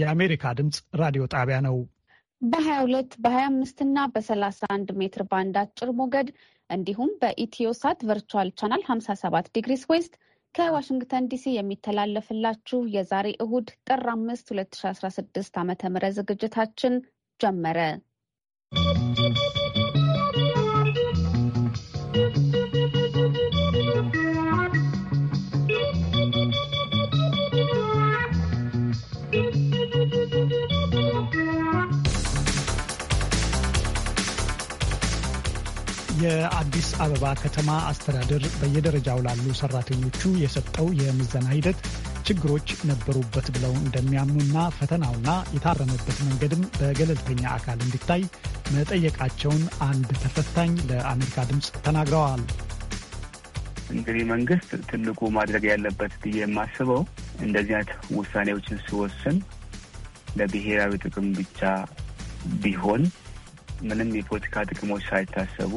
የአሜሪካ ድምፅ ራዲዮ ጣቢያ ነው። በ22 በ25 እና በ31 ሜትር ባንድ አጭር ሞገድ እንዲሁም በኢትዮሳት ቨርቹዋል ቻናል 57 ዲግሪስ ዌስት ከዋሽንግተን ዲሲ የሚተላለፍላችሁ የዛሬ እሁድ ጥር 5 2016 ዓ ም ዝግጅታችን ጀመረ። የአዲስ አበባ ከተማ አስተዳደር በየደረጃው ላሉ ሰራተኞቹ የሰጠው የምዘና ሂደት ችግሮች ነበሩበት ብለው እንደሚያምኑና ፈተናውና የታረመበት መንገድም በገለልተኛ አካል እንዲታይ መጠየቃቸውን አንድ ተፈታኝ ለአሜሪካ ድምፅ ተናግረዋል። እንግዲህ መንግስት ትልቁ ማድረግ ያለበት ብዬ የማስበው እንደዚህ አይነት ውሳኔዎችን ሲወስን ለብሔራዊ ጥቅም ብቻ ቢሆን ምንም የፖለቲካ ጥቅሞች ሳይታሰቡ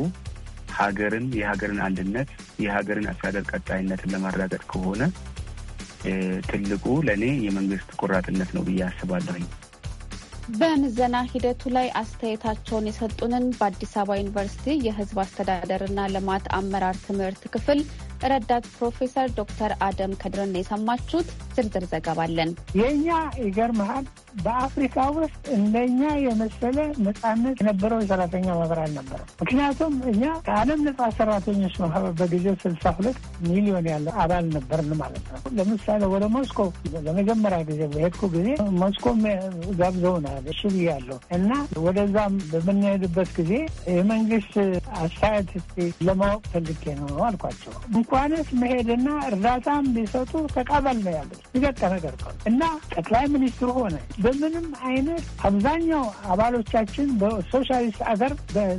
ሀገርን የሀገርን አንድነት የሀገርን አስተዳደር ቀጣይነትን ለማረጋገጥ ከሆነ ትልቁ ለእኔ የመንግስት ቆራጥነት ነው ብዬ አስባለሁኝ። በምዘና ሂደቱ ላይ አስተያየታቸውን የሰጡንን በአዲስ አበባ ዩኒቨርሲቲ የሕዝብ አስተዳደርና ልማት አመራር ትምህርት ክፍል ረዳት ፕሮፌሰር ዶክተር አደም ከድርን የሰማችሁት። ዝርዝር ዘገባለን አለን። የእኛ ይገርምሃል በአፍሪካ ውስጥ እንደኛ የመሰለ ነጻነት የነበረው የሰራተኛ ማህበር አልነበረም። ምክንያቱም እኛ ከዓለም ነጻ ሰራተኞች ማህበር በጊዜው ስልሳ ሁለት ሚሊዮን ያለ አባል ነበርን ማለት ነው። ለምሳሌ ወደ ሞስኮ ለመጀመሪያ ጊዜ በሄድኩ ጊዜ ሞስኮ ጋብዘውናል። እሺ ብያለሁ እና ወደዛም በምንሄድበት ጊዜ የመንግስት አስተያየት ለማወቅ ፈልጌ ነው አልኳቸው። እንኳንስ መሄድና እርዳታም ቢሰጡ ተቃበል ነው ያሉት። ይገጠ ነገር እና ጠቅላይ ሚኒስትሩ ሆነ በምንም አይነት አብዛኛው አባሎቻችን በሶሻሊስት አገር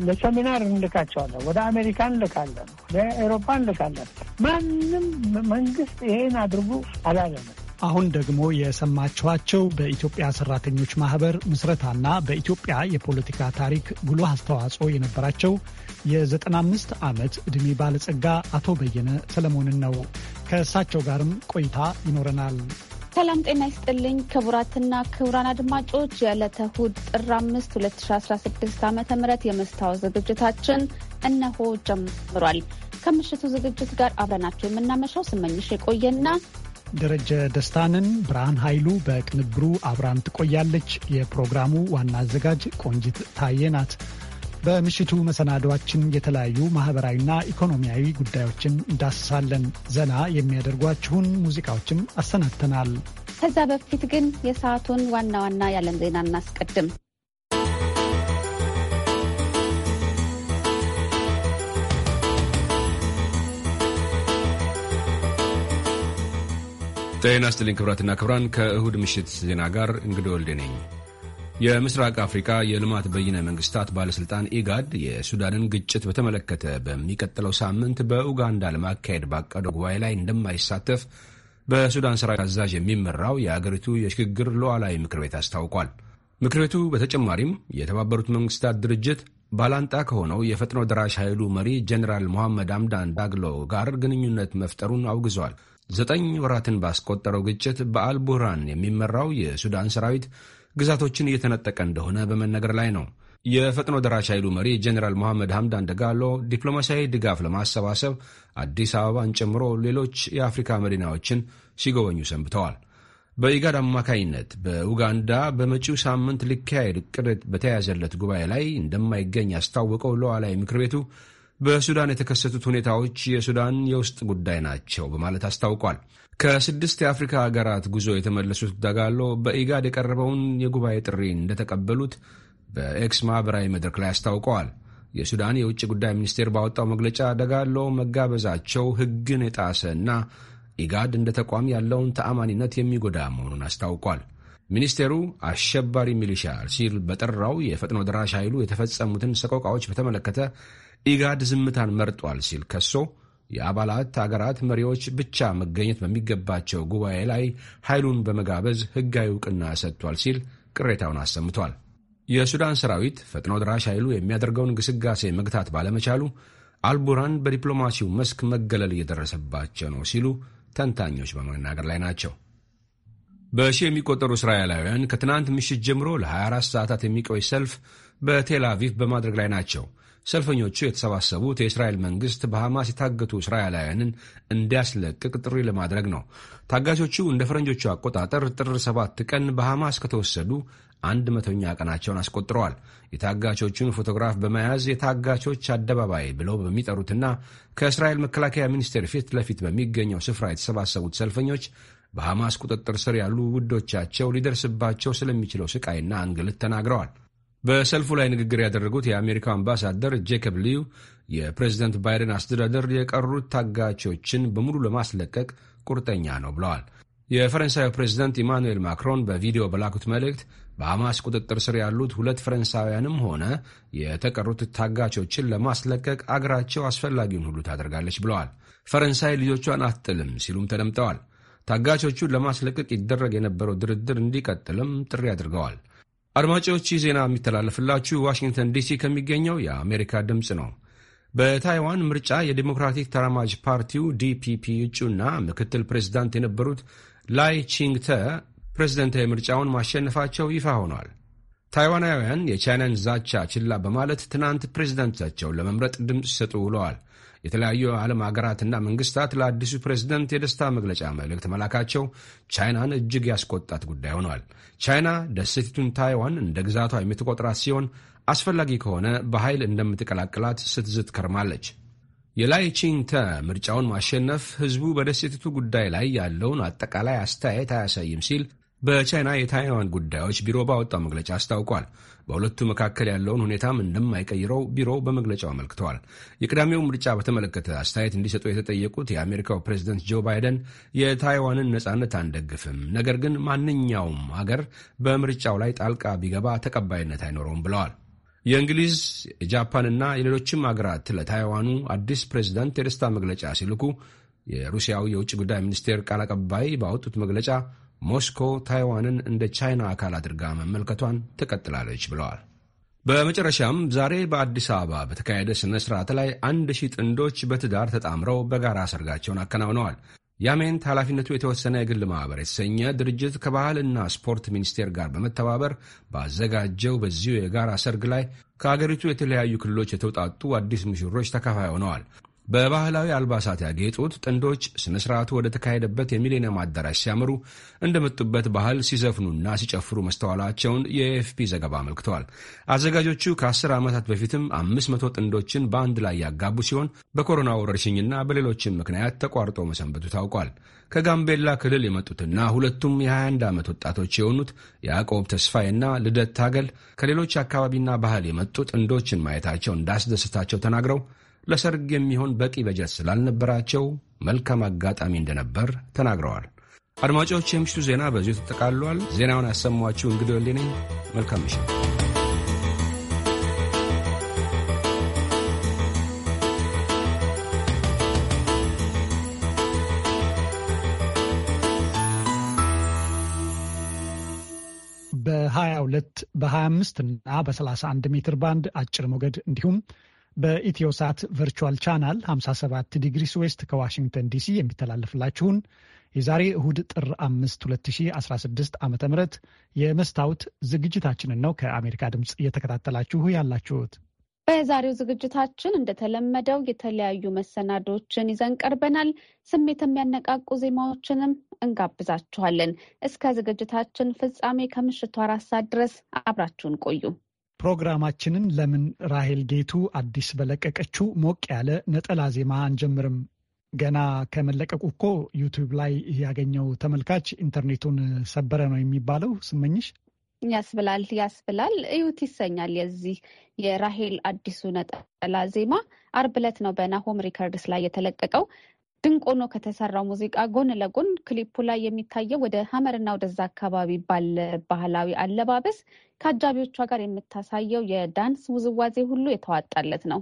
ለሰሚናር እንልካቸዋለን። ወደ አሜሪካ እንልካለን፣ ለአውሮፓ እንልካለን። ማንም መንግስት ይሄን አድርጉ አላለም። አሁን ደግሞ የሰማችኋቸው በኢትዮጵያ ሰራተኞች ማህበር ምስረታና በኢትዮጵያ የፖለቲካ ታሪክ ጉልህ አስተዋጽኦ የነበራቸው የ95 ዓመት ዕድሜ ባለጸጋ አቶ በየነ ሰለሞንን ነው። ከእሳቸው ጋርም ቆይታ ይኖረናል። ሰላም ጤና ይስጥልኝ ክቡራትና ክቡራን አድማጮች የዕለተ እሁድ ጥር አምስት 2016 ዓ ም የመስታወት ዝግጅታችን እነሆ ጀምሯል። ከምሽቱ ዝግጅት ጋር አብረናቸው የምናመሻው ስመኝሽ የቆየና ደረጀ ደስታንን ብርሃን ኃይሉ በቅንብሩ አብራን ትቆያለች። የፕሮግራሙ ዋና አዘጋጅ ቆንጂት ታዬ ናት። በምሽቱ መሰናዷችን የተለያዩ ማህበራዊና ኢኮኖሚያዊ ጉዳዮችን እንዳስሳለን። ዘና የሚያደርጓችሁን ሙዚቃዎችም አሰናድተናል። ከዛ በፊት ግን የሰዓቱን ዋና ዋና የዓለም ዜና እናስቀድም። ጤና ይስጥልኝ ክብራትና ክብራን፣ ከእሁድ ምሽት ዜና ጋር እንግዲህ ወልዴ ነኝ። የምስራቅ አፍሪካ የልማት በይነ መንግስታት ባለስልጣን ኢጋድ የሱዳንን ግጭት በተመለከተ በሚቀጥለው ሳምንት በኡጋንዳ ለማካሄድ ባቀደው ጉባኤ ላይ እንደማይሳተፍ በሱዳን ሰራዊት አዛዥ የሚመራው የአገሪቱ የሽግግር ሉዓላዊ ምክር ቤት አስታውቋል። ምክር ቤቱ በተጨማሪም የተባበሩት መንግስታት ድርጅት ባላንጣ ከሆነው የፈጥኖ ደራሽ ኃይሉ መሪ ጀኔራል ሞሐመድ አምዳን ዳግሎ ጋር ግንኙነት መፍጠሩን አውግዟል። ዘጠኝ ወራትን ባስቆጠረው ግጭት በአልቡራን የሚመራው የሱዳን ሰራዊት ግዛቶችን እየተነጠቀ እንደሆነ በመነገር ላይ ነው። የፈጥኖ ደራሽ ኃይሉ መሪ ጀኔራል መሐመድ ሐምዳን ደጋሎ ዲፕሎማሲያዊ ድጋፍ ለማሰባሰብ አዲስ አበባን ጨምሮ ሌሎች የአፍሪካ መዲናዎችን ሲጎበኙ ሰንብተዋል። በኢጋድ አማካኝነት በኡጋንዳ በመጪው ሳምንት ሊካሄድ ቅድ በተያያዘለት ጉባኤ ላይ እንደማይገኝ ያስታወቀው ሉዓላዊ ምክር ቤቱ በሱዳን የተከሰቱት ሁኔታዎች የሱዳን የውስጥ ጉዳይ ናቸው በማለት አስታውቋል። ከስድስት የአፍሪካ ሀገራት ጉዞ የተመለሱት ዳጋሎ በኢጋድ የቀረበውን የጉባኤ ጥሪ እንደተቀበሉት በኤክስ ማኅበራዊ መድረክ ላይ አስታውቀዋል። የሱዳን የውጭ ጉዳይ ሚኒስቴር ባወጣው መግለጫ ደጋሎ መጋበዛቸው ሕግን የጣሰ እና ኢጋድ እንደ ተቋም ያለውን ተአማኒነት የሚጎዳ መሆኑን አስታውቋል። ሚኒስቴሩ አሸባሪ ሚሊሻ ሲል በጠራው የፈጥኖ ደራሽ ኃይሉ የተፈጸሙትን ሰቆቃዎች በተመለከተ ኢጋድ ዝምታን መርጧል ሲል ከሶ የአባላት አገራት መሪዎች ብቻ መገኘት በሚገባቸው ጉባኤ ላይ ኃይሉን በመጋበዝ ሕጋዊ እውቅና ሰጥቷል ሲል ቅሬታውን አሰምቷል። የሱዳን ሰራዊት ፈጥኖ ድራሽ ኃይሉ የሚያደርገውን ግስጋሴ መግታት ባለመቻሉ አልቡራን በዲፕሎማሲው መስክ መገለል እየደረሰባቸው ነው ሲሉ ተንታኞች በመናገር ላይ ናቸው። በሺ የሚቆጠሩ እስራኤላውያን ከትናንት ምሽት ጀምሮ ለ24 ሰዓታት የሚቆይ ሰልፍ በቴል አቪቭ በማድረግ ላይ ናቸው። ሰልፈኞቹ የተሰባሰቡት የእስራኤል መንግሥት በሐማስ የታገቱ እስራኤላውያንን እንዲያስለቅቅ ጥሪ ለማድረግ ነው። ታጋቾቹ እንደ ፈረንጆቹ አቆጣጠር ጥር ሰባት ቀን በሐማስ ከተወሰዱ አንድ መቶኛ ቀናቸውን አስቆጥረዋል። የታጋቾቹን ፎቶግራፍ በመያዝ የታጋቾች አደባባይ ብለው በሚጠሩትና ከእስራኤል መከላከያ ሚኒስቴር ፊት ለፊት በሚገኘው ስፍራ የተሰባሰቡት ሰልፈኞች በሐማስ ቁጥጥር ስር ያሉ ውዶቻቸው ሊደርስባቸው ስለሚችለው ስቃይና እንግልት ተናግረዋል። በሰልፉ ላይ ንግግር ያደረጉት የአሜሪካው አምባሳደር ጄኮብ ሊዩ የፕሬዚደንት ባይደን አስተዳደር የቀሩት ታጋቾችን በሙሉ ለማስለቀቅ ቁርጠኛ ነው ብለዋል። የፈረንሳዩ ፕሬዚደንት ኢማኑኤል ማክሮን በቪዲዮ በላኩት መልእክት በሐማስ ቁጥጥር ስር ያሉት ሁለት ፈረንሳውያንም ሆነ የተቀሩት ታጋቾችን ለማስለቀቅ አገራቸው አስፈላጊውን ሁሉ ታደርጋለች ብለዋል። ፈረንሳይ ልጆቿን አትጥልም ሲሉም ተደምጠዋል። ታጋቾቹን ለማስለቀቅ ይደረግ የነበረው ድርድር እንዲቀጥልም ጥሪ አድርገዋል። አድማጮች ይህ ዜና የሚተላለፍላችሁ ዋሽንግተን ዲሲ ከሚገኘው የአሜሪካ ድምፅ ነው። በታይዋን ምርጫ የዲሞክራቲክ ተራማጅ ፓርቲው ዲፒፒ እጩና ምክትል ፕሬዚዳንት የነበሩት ላይ ቺንግተ ፕሬዝደንታዊ ምርጫውን ማሸነፋቸው ይፋ ሆኗል። ታይዋናውያን የቻይናን ዛቻ ችላ በማለት ትናንት ፕሬዝዳንታቸውን ለመምረጥ ድምፅ ሲሰጡ ውለዋል። የተለያዩ የዓለም ሀገራትና መንግስታት ለአዲሱ ፕሬዝደንት የደስታ መግለጫ መልእክት መላካቸው ቻይናን እጅግ ያስቆጣት ጉዳይ ሆኗል። ቻይና ደሴቲቱን ታይዋን እንደ ግዛቷ የምትቆጥራት ሲሆን አስፈላጊ ከሆነ በኃይል እንደምትቀላቅላት ስትዝት ከርማለች። የላይ ቺንተ ምርጫውን ማሸነፍ ህዝቡ በደሴቲቱ ጉዳይ ላይ ያለውን አጠቃላይ አስተያየት አያሳይም ሲል በቻይና የታይዋን ጉዳዮች ቢሮ ባወጣው መግለጫ አስታውቋል። በሁለቱ መካከል ያለውን ሁኔታም እንደማይቀይረው ቢሮው በመግለጫው አመልክተዋል። የቅዳሜው ምርጫ በተመለከተ አስተያየት እንዲሰጡ የተጠየቁት የአሜሪካው ፕሬዚደንት ጆ ባይደን የታይዋንን ነጻነት አንደግፍም፣ ነገር ግን ማንኛውም አገር በምርጫው ላይ ጣልቃ ቢገባ ተቀባይነት አይኖረውም ብለዋል። የእንግሊዝ ጃፓንና የሌሎችም አገራት ለታይዋኑ አዲስ ፕሬዚደንት የደስታ መግለጫ ሲልኩ የሩሲያው የውጭ ጉዳይ ሚኒስቴር ቃል አቀባይ ባወጡት መግለጫ ሞስኮ ታይዋንን እንደ ቻይና አካል አድርጋ መመልከቷን ትቀጥላለች ብለዋል። በመጨረሻም ዛሬ በአዲስ አበባ በተካሄደ ሥነ ሥርዓት ላይ አንድ ሺህ ጥንዶች በትዳር ተጣምረው በጋራ ሰርጋቸውን አከናውነዋል። ያሜንት ኃላፊነቱ የተወሰነ የግል ማኅበር የተሰኘ ድርጅት ከባህልና ስፖርት ሚኒስቴር ጋር በመተባበር ባዘጋጀው በዚሁ የጋራ ሰርግ ላይ ከአገሪቱ የተለያዩ ክልሎች የተውጣጡ አዲስ ሙሽሮች ተካፋይ ሆነዋል። በባህላዊ አልባሳት ያጌጡት ጥንዶች ስነ ስርዓቱ ወደ ተካሄደበት የሚሌኒየም አዳራሽ ሲያመሩ እንደመጡበት ባህል ሲዘፍኑና ሲጨፍሩ መስተዋላቸውን የኤፍፒ ዘገባ አመልክተዋል። አዘጋጆቹ ከአስር ዓመታት በፊትም አምስት መቶ ጥንዶችን በአንድ ላይ ያጋቡ ሲሆን በኮሮና ወረርሽኝና በሌሎችም ምክንያት ተቋርጦ መሰንበቱ ታውቋል። ከጋምቤላ ክልል የመጡትና ሁለቱም የ21 ዓመት ወጣቶች የሆኑት ያዕቆብ ተስፋዬና ልደት ታገል ከሌሎች አካባቢና ባህል የመጡ ጥንዶችን ማየታቸው እንዳስደሰታቸው ተናግረው ለሰርግ የሚሆን በቂ በጀት ስላልነበራቸው መልካም አጋጣሚ እንደነበር ተናግረዋል። አድማጮች፣ የምሽቱ ዜና በዚሁ ተጠቃልሏል። ዜናውን ያሰማችሁ እንግዲህ ወሌ ነኝ። መልካም ምሽት። በ22 በ25 እና በ31 ሜትር ባንድ አጭር ሞገድ እንዲሁም በኢትዮሳት ቨርቹዋል ቻናል 57 ዲግሪስ ዌስት ከዋሽንግተን ዲሲ የሚተላለፍላችሁን የዛሬ እሁድ ጥር 5 2016 ዓ ም የመስታወት ዝግጅታችንን ነው ከአሜሪካ ድምፅ እየተከታተላችሁ ያላችሁት። በዛሬው ዝግጅታችን እንደተለመደው የተለያዩ መሰናዶዎችን ይዘን ቀርበናል። ስሜት የሚያነቃቁ ዜማዎችንም እንጋብዛችኋለን። እስከ ዝግጅታችን ፍጻሜ ከምሽቱ አራት ሰዓት ድረስ አብራችሁን ቆዩ። ፕሮግራማችንን ለምን ራሄል ጌቱ አዲስ በለቀቀችው ሞቅ ያለ ነጠላ ዜማ አንጀምርም? ገና ከመለቀቁ እኮ ዩቲዩብ ላይ ያገኘው ተመልካች ኢንተርኔቱን ሰበረ ነው የሚባለው። ስመኝሽ ያስብላል ያስብላል እዩት ይሰኛል። የዚህ የራሄል አዲሱ ነጠላ ዜማ አርብ ዕለት ነው በናሆም ሪከርድስ ላይ የተለቀቀው። ድንቅ ሆኖ ከተሰራው ሙዚቃ ጎን ለጎን ክሊፑ ላይ የሚታየው ወደ ሀመርና ወደዛ አካባቢ ባለ ባህላዊ አለባበስ ከአጃቢዎቿ ጋር የምታሳየው የዳንስ ውዝዋዜ ሁሉ የተዋጣለት ነው።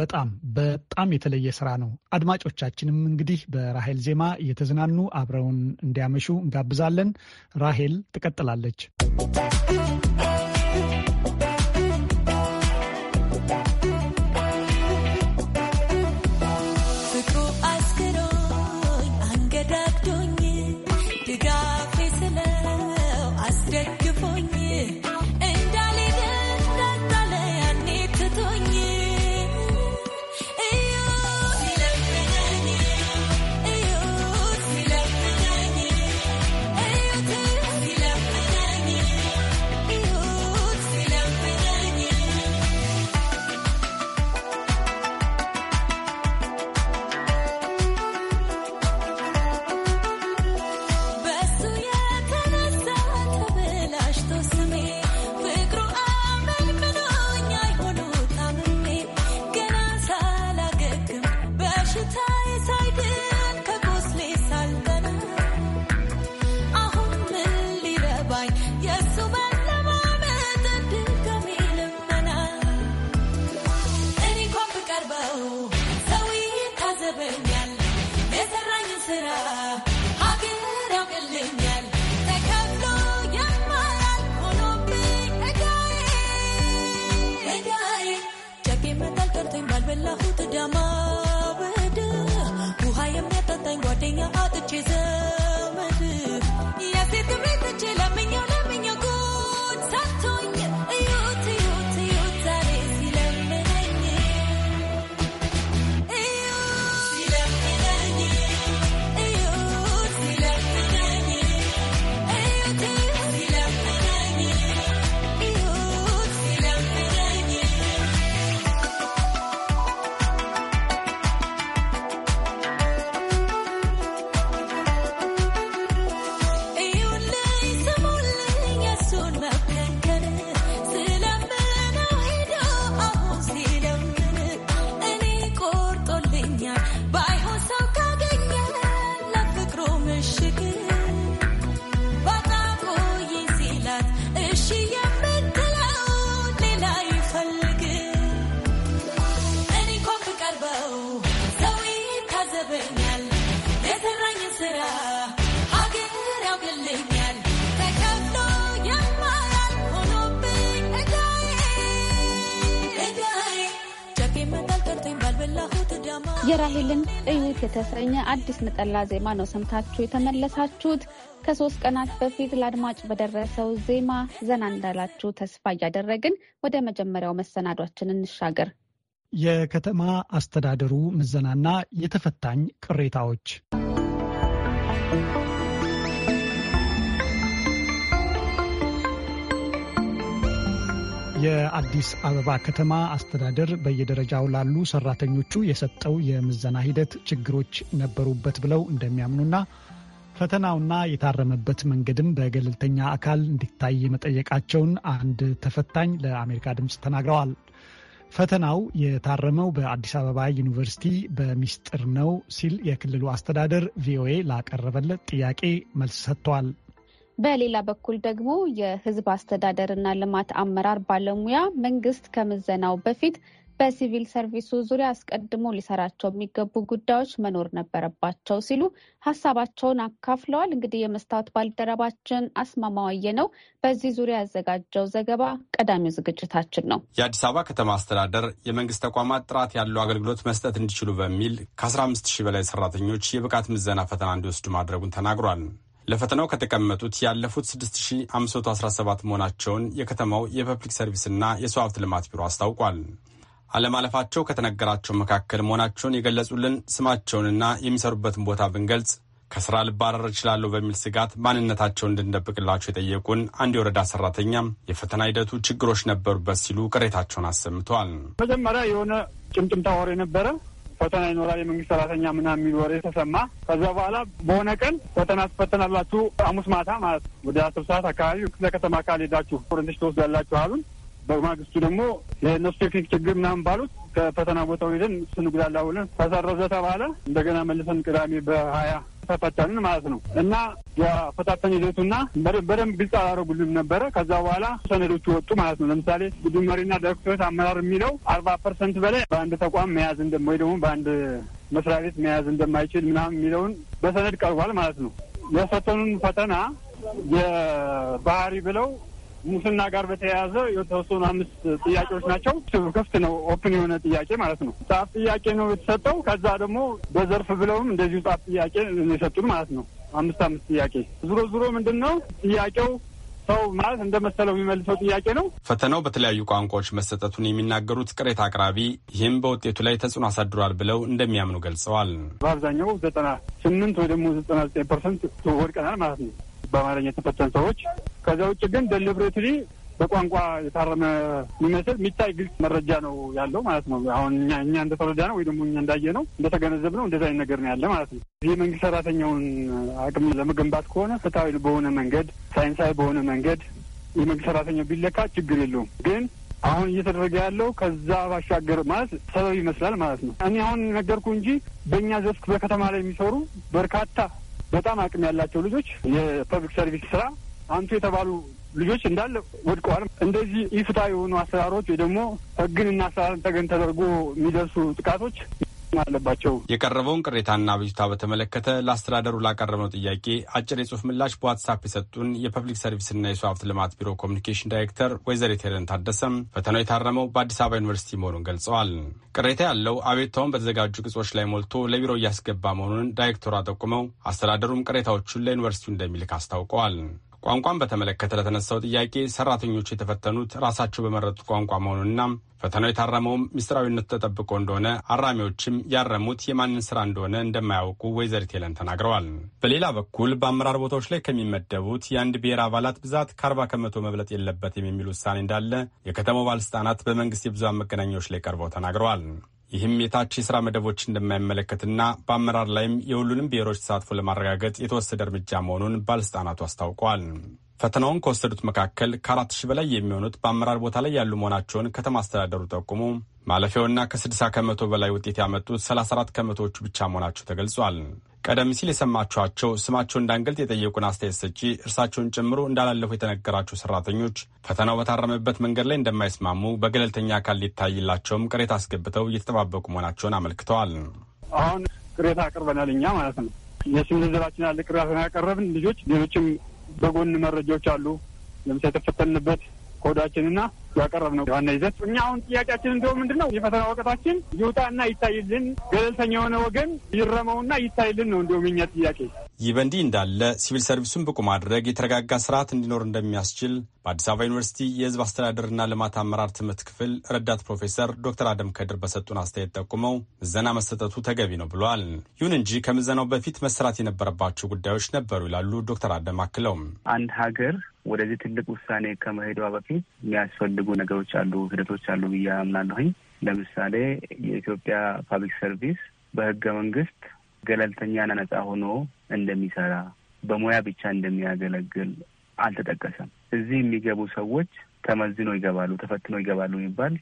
በጣም በጣም የተለየ ስራ ነው። አድማጮቻችንም እንግዲህ በራሄል ዜማ እየተዝናኑ አብረውን እንዲያመሹ እንጋብዛለን። ራሄል ትቀጥላለች። የተሰኘ አዲስ ነጠላ ዜማ ነው ሰምታችሁ የተመለሳችሁት። ከሶስት ቀናት በፊት ለአድማጭ በደረሰው ዜማ ዘና እንዳላችሁ ተስፋ እያደረግን ወደ መጀመሪያው መሰናዷችን እንሻገር። የከተማ አስተዳደሩ ምዘናና የተፈታኝ ቅሬታዎች የአዲስ አበባ ከተማ አስተዳደር በየደረጃው ላሉ ሰራተኞቹ የሰጠው የምዘና ሂደት ችግሮች ነበሩበት ብለው እንደሚያምኑና ፈተናውና የታረመበት መንገድም በገለልተኛ አካል እንዲታይ መጠየቃቸውን አንድ ተፈታኝ ለአሜሪካ ድምፅ ተናግረዋል። ፈተናው የታረመው በአዲስ አበባ ዩኒቨርሲቲ በሚስጥር ነው ሲል የክልሉ አስተዳደር ቪኦኤ ላቀረበለት ጥያቄ መልስ ሰጥቷል። በሌላ በኩል ደግሞ የህዝብ አስተዳደርና ልማት አመራር ባለሙያ መንግስት ከምዘናው በፊት በሲቪል ሰርቪሱ ዙሪያ አስቀድሞ ሊሰራቸው የሚገቡ ጉዳዮች መኖር ነበረባቸው ሲሉ ሀሳባቸውን አካፍለዋል። እንግዲህ የመስታወት ባልደረባችን አስማማዋየ ነው በዚህ ዙሪያ ያዘጋጀው ዘገባ ቀዳሚው ዝግጅታችን ነው። የአዲስ አበባ ከተማ አስተዳደር የመንግስት ተቋማት ጥራት ያለው አገልግሎት መስጠት እንዲችሉ በሚል ከ15 ሺህ በላይ ሰራተኞች የብቃት ምዘና ፈተና እንዲወስዱ ማድረጉን ተናግሯል። ለፈተናው ከተቀመጡት ያለፉት 6517 መሆናቸውን የከተማው የፐብሊክ ሰርቪስና የሰው ሀብት ልማት ቢሮ አስታውቋል። አለማለፋቸው ከተነገራቸው መካከል መሆናቸውን የገለጹልን ስማቸውንና የሚሰሩበትን ቦታ ብንገልጽ ከስራ ልባረር እችላለሁ በሚል ስጋት ማንነታቸውን እንድንደብቅላቸው የጠየቁን አንድ የወረዳ ሰራተኛ የፈተና ሂደቱ ችግሮች ነበሩበት ሲሉ ቅሬታቸውን አሰምተዋል። መጀመሪያ የሆነ ጭምጭምታ ወሬ ነበረ። ፈተና ይኖራል የመንግስት ሰራተኛ ምናምን የሚል ወሬ ተሰማ። ከዛ በኋላ በሆነ ቀን ፈተና ትፈተናላችሁ ሐሙስ ማታ ማለት ወደ አስር ሰዓት አካባቢ ክፍለ ከተማ አካል ሄዳችሁ ኦሬንቴሽን ትወስዳላችሁ አሉን። በማግስቱ ደግሞ የነሱ ቴክኒክ ችግር ምናምን ባሉት ከፈተና ቦታው ሄደን ስንጉላላ ውለን ተሰረዘ ተባለ። እንደገና መልሰን ቅዳሜ በሀያ ተፈተንን ማለት ነው። እና የፈታተን ሂደቱና በደንብ ግልጽ አላደረጉልንም ነበረ። ከዛ በኋላ ሰነዶቹ ወጡ ማለት ነው። ለምሳሌ ቡድን መሪና ዳይሬክቶሬት አመራር የሚለው አርባ ፐርሰንት በላይ በአንድ ተቋም መያዝ ወይ ደግሞ በአንድ መስሪያ ቤት መያዝ እንደማይችል ምናምን የሚለውን በሰነድ ቀርቧል ማለት ነው። የፈተኑን ፈተና የባህሪ ብለው ሙስና ጋር በተያያዘ የተወሰኑ አምስት ጥያቄዎች ናቸው። ክፍት ነው፣ ኦፕን የሆነ ጥያቄ ማለት ነው። ጻፍ ጥያቄ ነው የተሰጠው። ከዛ ደግሞ በዘርፍ ብለውም እንደዚሁ ጻፍ ጥያቄ የሰጡን ማለት ነው። አምስት አምስት ጥያቄ ዙሮ ዙሮ ምንድን ነው ጥያቄው ሰው ማለት እንደመሰለው የሚመልሰው ጥያቄ ነው። ፈተናው በተለያዩ ቋንቋዎች መሰጠቱን የሚናገሩት ቅሬታ አቅራቢ ይህም በውጤቱ ላይ ተጽዕኖ አሳድሯል ብለው እንደሚያምኑ ገልጸዋል። በአብዛኛው ዘጠና ስምንት ወይ ደግሞ ዘጠና ዘጠኝ ፐርሰንት ወድቀናል ማለት ነው። በአማርኛ የተፈተኑ ሰዎች። ከዛ ውጭ ግን ደሊብሬትሊ በቋንቋ የታረመ የሚመስል የሚታይ ግልጽ መረጃ ነው ያለው ማለት ነው። አሁን እኛ እኛ እንደተረዳ ነው ወይ ደግሞ እኛ እንዳየ ነው እንደተገነዘብ ነው እንደዛ ነገር ነው ያለ ማለት ነው። ይህ መንግስት ሰራተኛውን አቅም ለመገንባት ከሆነ ፍትሐዊ በሆነ መንገድ፣ ሳይንሳዊ በሆነ መንገድ የመንግስት ሰራተኛው ቢለካ ችግር የለውም ግን አሁን እየተደረገ ያለው ከዛ ባሻገር ማለት ሰበብ ይመስላል ማለት ነው። እኔ አሁን ነገርኩ እንጂ በእኛ ዘስክ በከተማ ላይ የሚሰሩ በርካታ በጣም አቅም ያላቸው ልጆች የፐብሊክ ሰርቪስ ስራ አንቱ የተባሉ ልጆች እንዳለ ወድቀዋል። እንደዚህ ኢፍታ የሆኑ አሰራሮች ወይ ደግሞ ህግንና አሰራርን ተገን ተደርጎ የሚደርሱ ጥቃቶች አለባቸው። የቀረበውን ቅሬታና ብጅታ በተመለከተ ለአስተዳደሩ ላቀረብነው ጥያቄ አጭር የጽሁፍ ምላሽ በዋትሳፕ የሰጡን የፐብሊክ ሰርቪስና የሰው ሀብት ልማት ቢሮ ኮሚኒኬሽን ዳይሬክተር ወይዘሪት ሄለን ታደሰም ፈተናው የታረመው በአዲስ አበባ ዩኒቨርሲቲ መሆኑን ገልጸዋል። ቅሬታ ያለው አቤቱታውን በተዘጋጁ ቅጾች ላይ ሞልቶ ለቢሮ እያስገባ መሆኑን ዳይሬክተሯ ጠቁመው አስተዳደሩም ቅሬታዎቹን ለዩኒቨርሲቲው እንደሚልክ አስታውቀዋል። ቋንቋን በተመለከተ ለተነሳው ጥያቄ ሰራተኞቹ የተፈተኑት ራሳቸው በመረጡት ቋንቋ መሆኑንና ፈተናው የታረመውም ሚስራዊነት ተጠብቆ እንደሆነ አራሚዎችም ያረሙት የማንን ስራ እንደሆነ እንደማያውቁ ወይዘሪት ሄለን ተናግረዋል። በሌላ በኩል በአመራር ቦታዎች ላይ ከሚመደቡት የአንድ ብሔር አባላት ብዛት ከአርባ ከመቶ መብለጥ የለበትም የሚል ውሳኔ እንዳለ የከተማው ባለስልጣናት በመንግስት የብዙሃን መገናኛዎች ላይ ቀርበው ተናግረዋል። ይህም የታች የስራ መደቦች እንደማይመለከትና በአመራር ላይም የሁሉንም ብሔሮች ተሳትፎ ለማረጋገጥ የተወሰደ እርምጃ መሆኑን ባለስልጣናቱ አስታውቋል። ፈተናውን ከወሰዱት መካከል ከአራት ሺህ በላይ የሚሆኑት በአመራር ቦታ ላይ ያሉ መሆናቸውን ከተማ አስተዳደሩ ጠቁሞ ማለፊያውና ከስድሳ ከመቶ በላይ ውጤት ያመጡት ሰላሳ ከመቶዎቹ ብቻ መሆናቸው ተገልጿል። ቀደም ሲል የሰማችኋቸው ስማቸው እንዳንገልጥ የጠየቁን አስተያየት ሰጪ እርሳቸውን ጨምሮ እንዳላለፉ የተነገራቸው ሰራተኞች ፈተናው በታረመበት መንገድ ላይ እንደማይስማሙ በገለልተኛ አካል ሊታይላቸውም ቅሬታ አስገብተው እየተጠባበቁ መሆናቸውን አመልክተዋል። አሁን ቅሬታ አቅርበናል እኛ ማለት ነው። የስም ዝርዝራችን ያለ ቅሬታ ያቀረብን ልጆች ሌሎችም በጎን መረጃዎች አሉ። ለምሳሌ የተፈተንበት ኮዳችንና ነው ዋና ይዘት እኛ አሁን ጥያቄያችን እንደው ምንድን ነው የፈተና ወቀታችን ይውጣና ይታይልን፣ ገለልተኛ የሆነ ወገን ይረመውና ይታይልን ነው እንደውም የኛ ጥያቄ። ይህ በእንዲህ እንዳለ ሲቪል ሰርቪሱን ብቁ ማድረግ የተረጋጋ ስርዓት እንዲኖር እንደሚያስችል በአዲስ አበባ ዩኒቨርሲቲ የሕዝብ አስተዳደርና ልማት አመራር ትምህርት ክፍል ረዳት ፕሮፌሰር ዶክተር አደም ከድር በሰጡን አስተያየት ጠቁመው ምዘና መሰጠቱ ተገቢ ነው ብሏል። ይሁን እንጂ ከምዘናው በፊት መሰራት የነበረባቸው ጉዳዮች ነበሩ ይላሉ ዶክተር አደም አክለውም አንድ ሀገር ወደዚህ ትልቅ ውሳኔ ከመሄዷ በፊት የሚያስፈልግ የሚያስፈልጉ ነገሮች አሉ፣ ሂደቶች አሉ ብዬ አምናለሁኝ። ለምሳሌ የኢትዮጵያ ፓብሊክ ሰርቪስ በህገ መንግስት ገለልተኛና ነጻ ሆኖ እንደሚሰራ በሙያ ብቻ እንደሚያገለግል አልተጠቀሰም። እዚህ የሚገቡ ሰዎች ተመዝኖ ይገባሉ፣ ተፈትኖ ይገባሉ የሚባል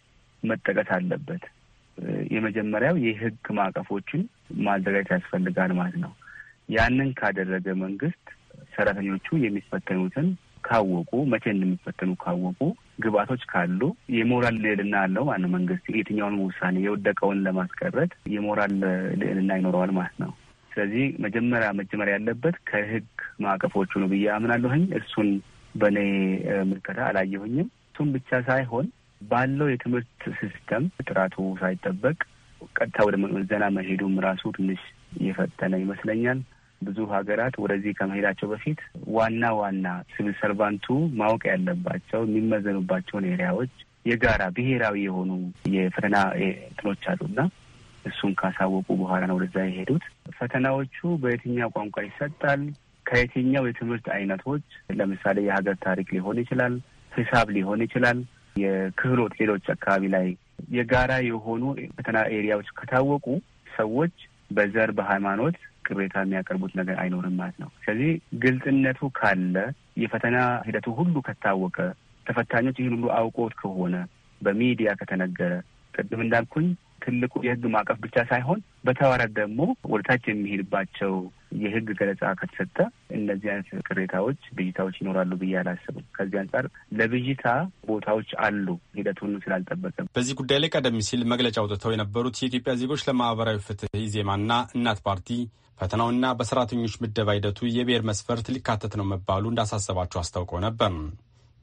መጠቀስ አለበት። የመጀመሪያው የህግ ማዕቀፎችን ማዘጋጀት ያስፈልጋል ማለት ነው። ያንን ካደረገ መንግስት ሰራተኞቹ የሚፈተኑትን ካወቁ፣ መቼ እንደሚፈተኑ ካወቁ ግብአቶች ካሉ የሞራል ልዕልና አለው ማለት ነው። መንግስት የትኛውን ውሳኔ የወደቀውን ለማስቀረት የሞራል ልዕልና ይኖረዋል ማለት ነው። ስለዚህ መጀመሪያ መጀመሪያ ያለበት ከህግ ማዕቀፎቹ ነው ብዬ አምናለሁኝ። እሱን በእኔ ምልከታ አላየሁኝም። እሱም ብቻ ሳይሆን ባለው የትምህርት ሲስተም ጥራቱ ሳይጠበቅ ቀጥታ ወደ መዘና መሄዱም ራሱ ትንሽ እየፈጠነ ይመስለኛል። ብዙ ሀገራት ወደዚህ ከመሄዳቸው በፊት ዋና ዋና ሲቪል ሰርቫንቱ ማወቅ ያለባቸው የሚመዘኑባቸውን ኤሪያዎች የጋራ ብሔራዊ የሆኑ የፈተና እንትኖች አሉና እሱን ካሳወቁ በኋላ ነው ወደዛ የሄዱት። ፈተናዎቹ በየትኛው ቋንቋ ይሰጣል? ከየትኛው የትምህርት አይነቶች? ለምሳሌ የሀገር ታሪክ ሊሆን ይችላል፣ ሂሳብ ሊሆን ይችላል፣ የክህሎት ሌሎች አካባቢ ላይ የጋራ የሆኑ ፈተና ኤሪያዎች ከታወቁ ሰዎች በዘር በሃይማኖት ቅሬታ የሚያቀርቡት ነገር አይኖርም ማለት ነው። ስለዚህ ግልጽነቱ ካለ የፈተና ሂደቱ ሁሉ ከታወቀ ተፈታኞች ይህን ሁሉ አውቆት ከሆነ በሚዲያ ከተነገረ ቅድም እንዳልኩኝ ትልቁ የህግ ማዕቀፍ ብቻ ሳይሆን በተዋረድ ደግሞ ወደታች የሚሄድባቸው የህግ ገለጻ ከተሰጠ እነዚህ አይነት ቅሬታዎች፣ ብዥታዎች ይኖራሉ ብዬ አላስብም። ከዚህ አንጻር ለብዥታ ቦታዎች አሉ ሂደቱን ስላልጠበቀ። በዚህ ጉዳይ ላይ ቀደም ሲል መግለጫ አውጥተው የነበሩት የኢትዮጵያ ዜጎች ለማህበራዊ ፍትህ ኢዜማና እናት ፓርቲ ፈተናውና በሰራተኞች ምደባ ሂደቱ የብሔር መስፈርት ሊካተት ነው መባሉ እንዳሳሰባቸው አስታውቆ ነበር።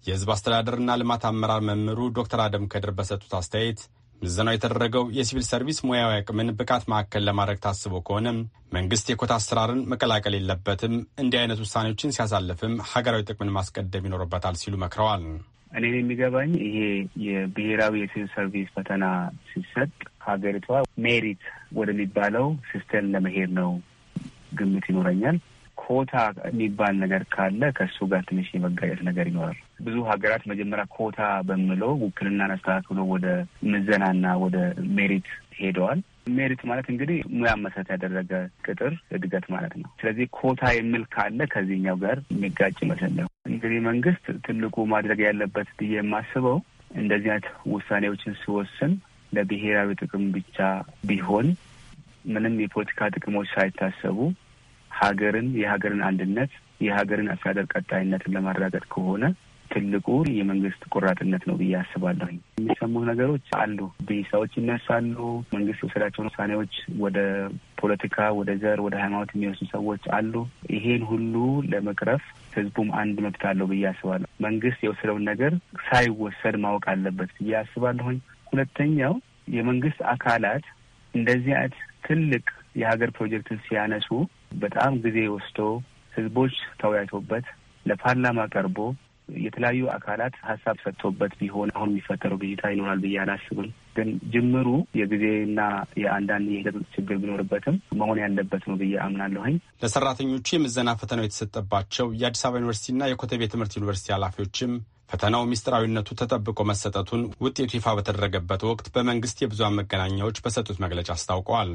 የህዝብ አስተዳደርና ልማት አመራር መምህሩ ዶክተር አደም ከድር በሰጡት አስተያየት ምዘናው የተደረገው የሲቪል ሰርቪስ ሙያዊ አቅምን ብቃት ማዕከል ለማድረግ ታስቦ ከሆነ መንግስት የኮታ አሰራርን መቀላቀል የለበትም፣ እንዲህ አይነት ውሳኔዎችን ሲያሳልፍም ሀገራዊ ጥቅምን ማስቀደም ይኖርበታል ሲሉ መክረዋል። እኔ የሚገባኝ ይሄ የብሔራዊ የሲቪል ሰርቪስ ፈተና ሲሰጥ ሀገሪቷ ሜሪት ወደሚባለው ሲስተም ለመሄድ ነው ግምት ይኖረኛል። ኮታ የሚባል ነገር ካለ ከእሱ ጋር ትንሽ የመጋጨት ነገር ይኖራል። ብዙ ሀገራት መጀመሪያ ኮታ በምለው ውክልና አስተካክሎ ወደ ምዘናና ወደ ሜሪት ሄደዋል። ሜሪት ማለት እንግዲህ ሙያ መሰረት ያደረገ ቅጥር እድገት ማለት ነው። ስለዚህ ኮታ የሚል ካለ ከዚህኛው ጋር የሚጋጭ ይመስለኛል። እንግዲህ መንግስት ትልቁ ማድረግ ያለበት ብዬ የማስበው እንደዚህ አይነት ውሳኔዎችን ሲወስን ለብሔራዊ ጥቅም ብቻ ቢሆን ምንም የፖለቲካ ጥቅሞች ሳይታሰቡ ሀገርን የሀገርን አንድነት የሀገርን አስተዳደር ቀጣይነትን ለማረጋገጥ ከሆነ ትልቁ የመንግስት ቁራጥነት ነው ብዬ አስባለሁኝ። የሚሰሙ ነገሮች አሉ፣ ብሂሳዎች ይነሳሉ። መንግስት የወሰዳቸውን ውሳኔዎች ወደ ፖለቲካ፣ ወደ ዘር፣ ወደ ሃይማኖት የሚወስዱ ሰዎች አሉ። ይሄን ሁሉ ለመቅረፍ ህዝቡም አንድ መብት አለው ብዬ አስባለሁ። መንግስት የወሰደውን ነገር ሳይወሰድ ማወቅ አለበት ብዬ አስባለሁኝ። ሁለተኛው የመንግስት አካላት እንደዚህ አይነት ትልቅ የሀገር ፕሮጀክትን ሲያነሱ በጣም ጊዜ ወስዶ ህዝቦች ተወያይቶበት ለፓርላማ ቀርቦ የተለያዩ አካላት ሀሳብ ሰጥቶበት ቢሆን አሁን የሚፈጠረው ብዥታ ይኖራል ብዬ አላስብም። ግን ጅምሩ የጊዜና የአንዳንድ የሂደት ችግር ቢኖርበትም መሆን ያለበት ነው ብዬ አምናለሁኝ። ለሰራተኞቹ የምዘና ፈተናው የተሰጠባቸው የአዲስ አበባ ዩኒቨርሲቲና የኮተቤ ትምህርት ዩኒቨርሲቲ ኃላፊዎችም ፈተናው ሚስጥራዊነቱ ተጠብቆ መሰጠቱን ውጤቱ ይፋ በተደረገበት ወቅት በመንግስት የብዙሃን መገናኛዎች በሰጡት መግለጫ አስታውቀዋል።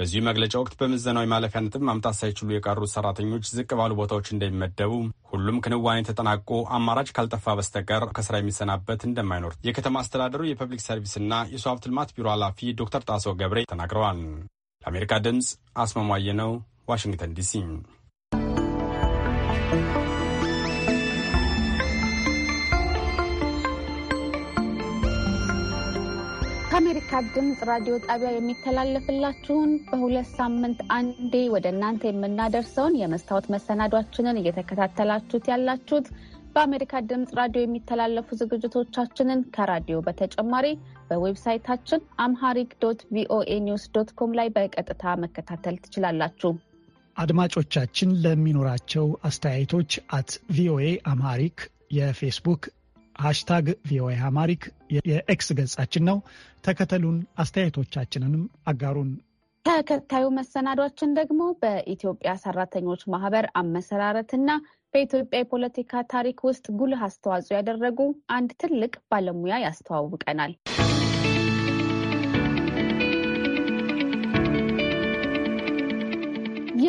በዚሁ መግለጫ ወቅት በምዘናዊ ማለፊያ ማምጣት ሳይችሉ የቀሩት ሰራተኞች ዝቅ ባሉ ቦታዎች እንደሚመደቡ፣ ሁሉም ክንዋኔ ተጠናቆ አማራጭ ካልጠፋ በስተቀር ከስራ የሚሰናበት እንደማይኖር የከተማ አስተዳደሩ የፐብሊክ ሰርቪስና የሰው ሀብት ልማት ቢሮ ኃላፊ ዶክተር ጣሶ ገብሬ ተናግረዋል። ለአሜሪካ ድምፅ አስማማየ ነው፣ ዋሽንግተን ዲሲ ከአሜሪካ ድምፅ ራዲዮ ጣቢያ የሚተላለፍላችሁን በሁለት ሳምንት አንዴ ወደ እናንተ የምናደርሰውን የመስታወት መሰናዷችንን እየተከታተላችሁት ያላችሁት በአሜሪካ ድምፅ ራዲዮ የሚተላለፉ ዝግጅቶቻችንን ከራዲዮ በተጨማሪ በዌብሳይታችን አምሃሪክ ዶት ቪኦኤ ኒውስ ዶት ኮም ላይ በቀጥታ መከታተል ትችላላችሁ። አድማጮቻችን ለሚኖራቸው አስተያየቶች አት ቪኦኤ አምሃሪክ የፌስቡክ ሃሽታግ ቪኦኤ አማሪክ የኤክስ ገጻችን ነው። ተከተሉን፣ አስተያየቶቻችንንም አጋሩን። ተከታዩ መሰናዷችን ደግሞ በኢትዮጵያ ሰራተኞች ማህበር አመሰራረትና በኢትዮጵያ የፖለቲካ ታሪክ ውስጥ ጉልህ አስተዋጽኦ ያደረጉ አንድ ትልቅ ባለሙያ ያስተዋውቀናል።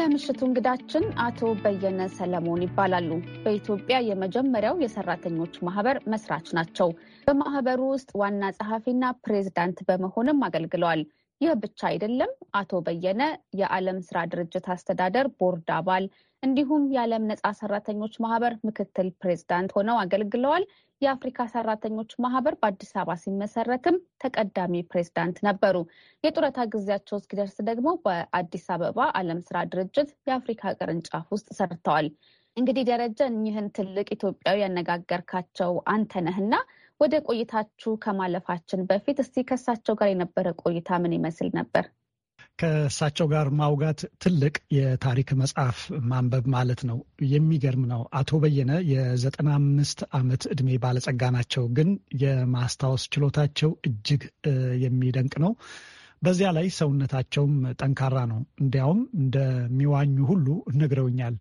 የምሽቱ እንግዳችን አቶ በየነ ሰለሞን ይባላሉ። በኢትዮጵያ የመጀመሪያው የሰራተኞች ማህበር መስራች ናቸው። በማህበሩ ውስጥ ዋና ጸሐፊና ፕሬዝዳንት በመሆንም አገልግለዋል። ይህ ብቻ አይደለም። አቶ በየነ የዓለም ስራ ድርጅት አስተዳደር ቦርድ አባል እንዲሁም የዓለም ነጻ ሰራተኞች ማህበር ምክትል ፕሬዝዳንት ሆነው አገልግለዋል። የአፍሪካ ሰራተኞች ማህበር በአዲስ አበባ ሲመሰረትም ተቀዳሚ ፕሬዝዳንት ነበሩ። የጡረታ ጊዜያቸው እስኪደርስ ደግሞ በአዲስ አበባ ዓለም ስራ ድርጅት የአፍሪካ ቅርንጫፍ ውስጥ ሰርተዋል። እንግዲህ ደረጀ፣ እኚህን ትልቅ ኢትዮጵያዊ ያነጋገርካቸው አንተ ነህና ወደ ቆይታችሁ ከማለፋችን በፊት እስቲ ከእሳቸው ጋር የነበረ ቆይታ ምን ይመስል ነበር? ከእሳቸው ጋር ማውጋት ትልቅ የታሪክ መጽሐፍ ማንበብ ማለት ነው። የሚገርም ነው። አቶ በየነ የዘጠና አምስት ዓመት ዕድሜ ባለጸጋ ናቸው፣ ግን የማስታወስ ችሎታቸው እጅግ የሚደንቅ ነው። በዚያ ላይ ሰውነታቸውም ጠንካራ ነው። እንዲያውም እንደሚዋኙ ሁሉ ነግረውኛል።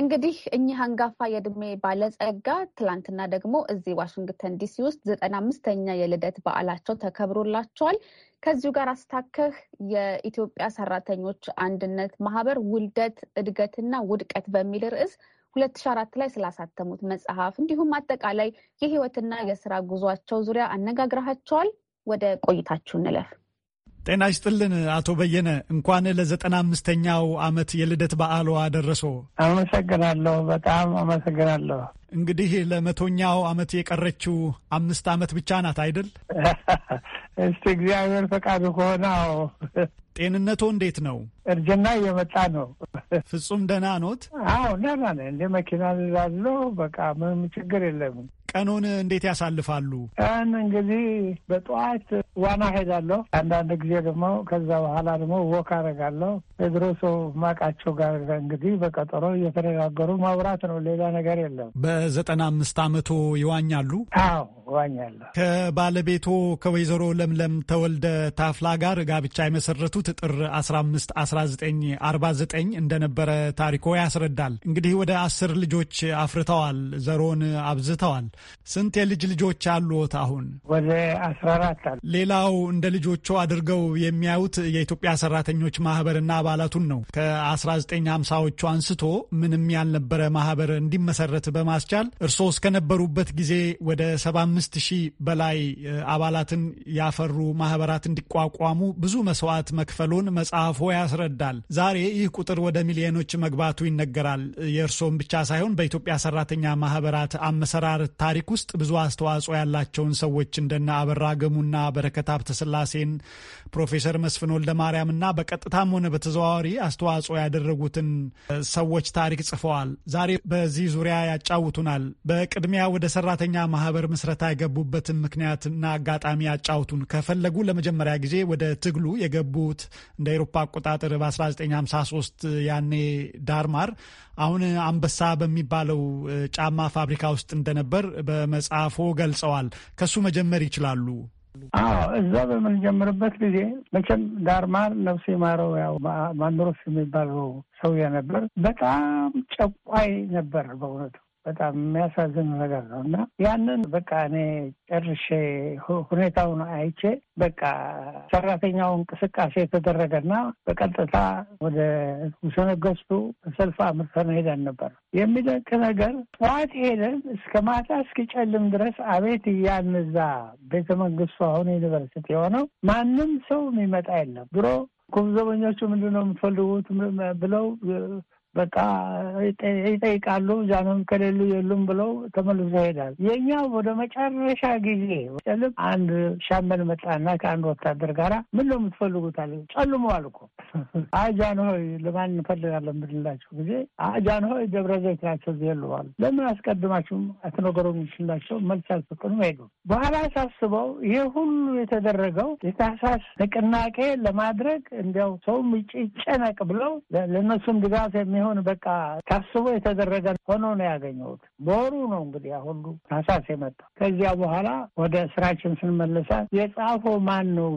እንግዲህ እኚህ አንጋፋ የእድሜ ባለጸጋ ትላንትና ደግሞ እዚህ ዋሽንግተን ዲሲ ውስጥ ዘጠና አምስተኛ የልደት በዓላቸው ተከብሮላቸዋል። ከዚሁ ጋር አስታከህ የኢትዮጵያ ሰራተኞች አንድነት ማህበር ውልደት እድገትና ውድቀት በሚል ርዕስ ሁለት ሺ አራት ላይ ስላሳተሙት መጽሐፍ እንዲሁም አጠቃላይ የህይወትና የስራ ጉዟቸው ዙሪያ አነጋግረሃቸዋል። ወደ ቆይታችሁ እንለፍ። ጤና ይስጥልን አቶ በየነ እንኳን ለዘጠና አምስተኛው ዓመት የልደት በዓሉ አደረሶ። አመሰግናለሁ። በጣም አመሰግናለሁ። እንግዲህ ለመቶኛው ዓመት የቀረችው አምስት ዓመት ብቻ ናት አይደል? እስቲ እግዚአብሔር ፈቃዱ ከሆነ አዎ። ጤንነቱ እንዴት ነው? እርጅና እየመጣ ነው። ፍጹም ደህና ኖት? አዎ ደህና ነኝ። እንደ መኪና ላለው በቃ ምንም ችግር የለም። ቀኑን እንዴት ያሳልፋሉ? ቀን እንግዲህ በጠዋት ዋና ሄዳለሁ። አንዳንድ ጊዜ ደግሞ ከዛ በኋላ ደግሞ ወክ አደርጋለሁ። የድሮ ሰው ማቃቸው ጋር እንግዲህ በቀጠሮ እየተነጋገሩ ማውራት ነው። ሌላ ነገር የለም። በዘጠና አምስት አመቶ ይዋኛሉ? አዎ እዋኛለሁ። ከባለቤቶ ከወይዘሮ ለምለም ተወልደ ታፍላ ጋር ጋብቻ የመሰረቱት ጥር አስራ አምስት አስራ ዘጠኝ አርባ ዘጠኝ እንደነበረ ታሪኮ ያስረዳል። እንግዲህ ወደ አስር ልጆች አፍርተዋል። ዘሮን አብዝተዋል። ስንት የልጅ ልጆች አሉት? አሁን ወደ አስራ አራት አሉ። ሌላው እንደ ልጆቹ አድርገው የሚያዩት የኢትዮጵያ ሰራተኞች ማህበርና አባላቱን ነው። ዘጠኝ ዎቹ አንስቶ ምንም ያልነበረ ማህበር እንዲመሰረት በማስቻል እርስዎ እስከነበሩበት ጊዜ ወደ አምስት ሺህ በላይ አባላትን ያፈሩ ማህበራት እንዲቋቋሙ ብዙ መስዋዕት መክፈሉን መጽሐፎ ያስረዳል። ዛሬ ይህ ቁጥር ወደ ሚሊዮኖች መግባቱ ይነገራል። የእርስዎን ብቻ ሳይሆን በኢትዮጵያ ሰራተኛ ማህበራት አመሰራርታ ታሪክ ውስጥ ብዙ አስተዋጽኦ ያላቸውን ሰዎች እንደነ አበራ ገሙና በረከት ሀብተስላሴን፣ ፕሮፌሰር መስፍን ወልደማርያምና በቀጥታም ሆነ በተዘዋዋሪ አስተዋጽኦ ያደረጉትን ሰዎች ታሪክ ጽፈዋል። ዛሬ በዚህ ዙሪያ ያጫውቱናል። በቅድሚያ ወደ ሰራተኛ ማህበር ምስረታ የገቡበትን ምክንያትና አጋጣሚ ያጫውቱን። ከፈለጉ ለመጀመሪያ ጊዜ ወደ ትግሉ የገቡት እንደ ኤሮፓ አቆጣጠር በ1953 ያኔ ዳርማር አሁን አንበሳ በሚባለው ጫማ ፋብሪካ ውስጥ እንደነበር በመጽሐፎ ገልጸዋል። ከሱ መጀመር ይችላሉ። አዎ እዛ በምንጀምርበት ጊዜ መቼም ዳርማ ነፍሴ ማረው ያው ማንድሮስ የሚባለው ሰውዬ ነበር። በጣም ጨቋይ ነበር በእውነቱ በጣም የሚያሳዝን ነገር ነው እና ያንን በቃ እኔ ጨርሼ ሁኔታውን አይቼ በቃ ሰራተኛው እንቅስቃሴ የተደረገና በቀጥታ ወደ ሰነገስቱ ሰልፍ አምርተን ሄደን ነበር። የሚደንቅ ነገር ጠዋት ሄደን እስከ ማታ እስኪጨልም ድረስ አቤት እያልን እዛ ቤተ መንግስቱ አሁን ዩኒቨርሲቲ የሆነው ማንም ሰው የሚመጣ የለም። ድሮ ኩብዘበኞቹ ምንድን ነው የምትፈልጉት ብለው በቃ ይጠይቃሉ። ዛመም ከሌሉ የሉም ብለው ተመልሶ ይሄዳል። የእኛው ወደ መጨረሻ ጊዜ ጨልም አንድ ሻመል መጣና ከአንድ ወታደር ጋራ ምን ነው የምትፈልጉት የምትፈልጉታል? ጨልመዋል እኮ አጃን ሆይ ለማን እንፈልጋለን የምንላቸው ጊዜ አጃን ሆይ ደብረ ዘይት ናቸው የሉዋል። ለምን አስቀድማችሁም አትነገሩም? ይችላቸው መልስ አልሰጡንም ሄዱ። በኋላ ሳስበው ይህ ሁሉ የተደረገው የታህሳስ ንቅናቄ ለማድረግ እንዲያው ሰውም ይጨነቅ ብለው ለእነሱም ድጋፍ የሚሆን ሳይሆን በቃ ታስቦ የተደረገ ሆኖ ነው ያገኘሁት። በወሩ ነው እንግዲህ አሁሉ ታሳስ የመጣ ከዚያ በኋላ ወደ ስራችን ስንመለሳ የጻፈው ማን ነው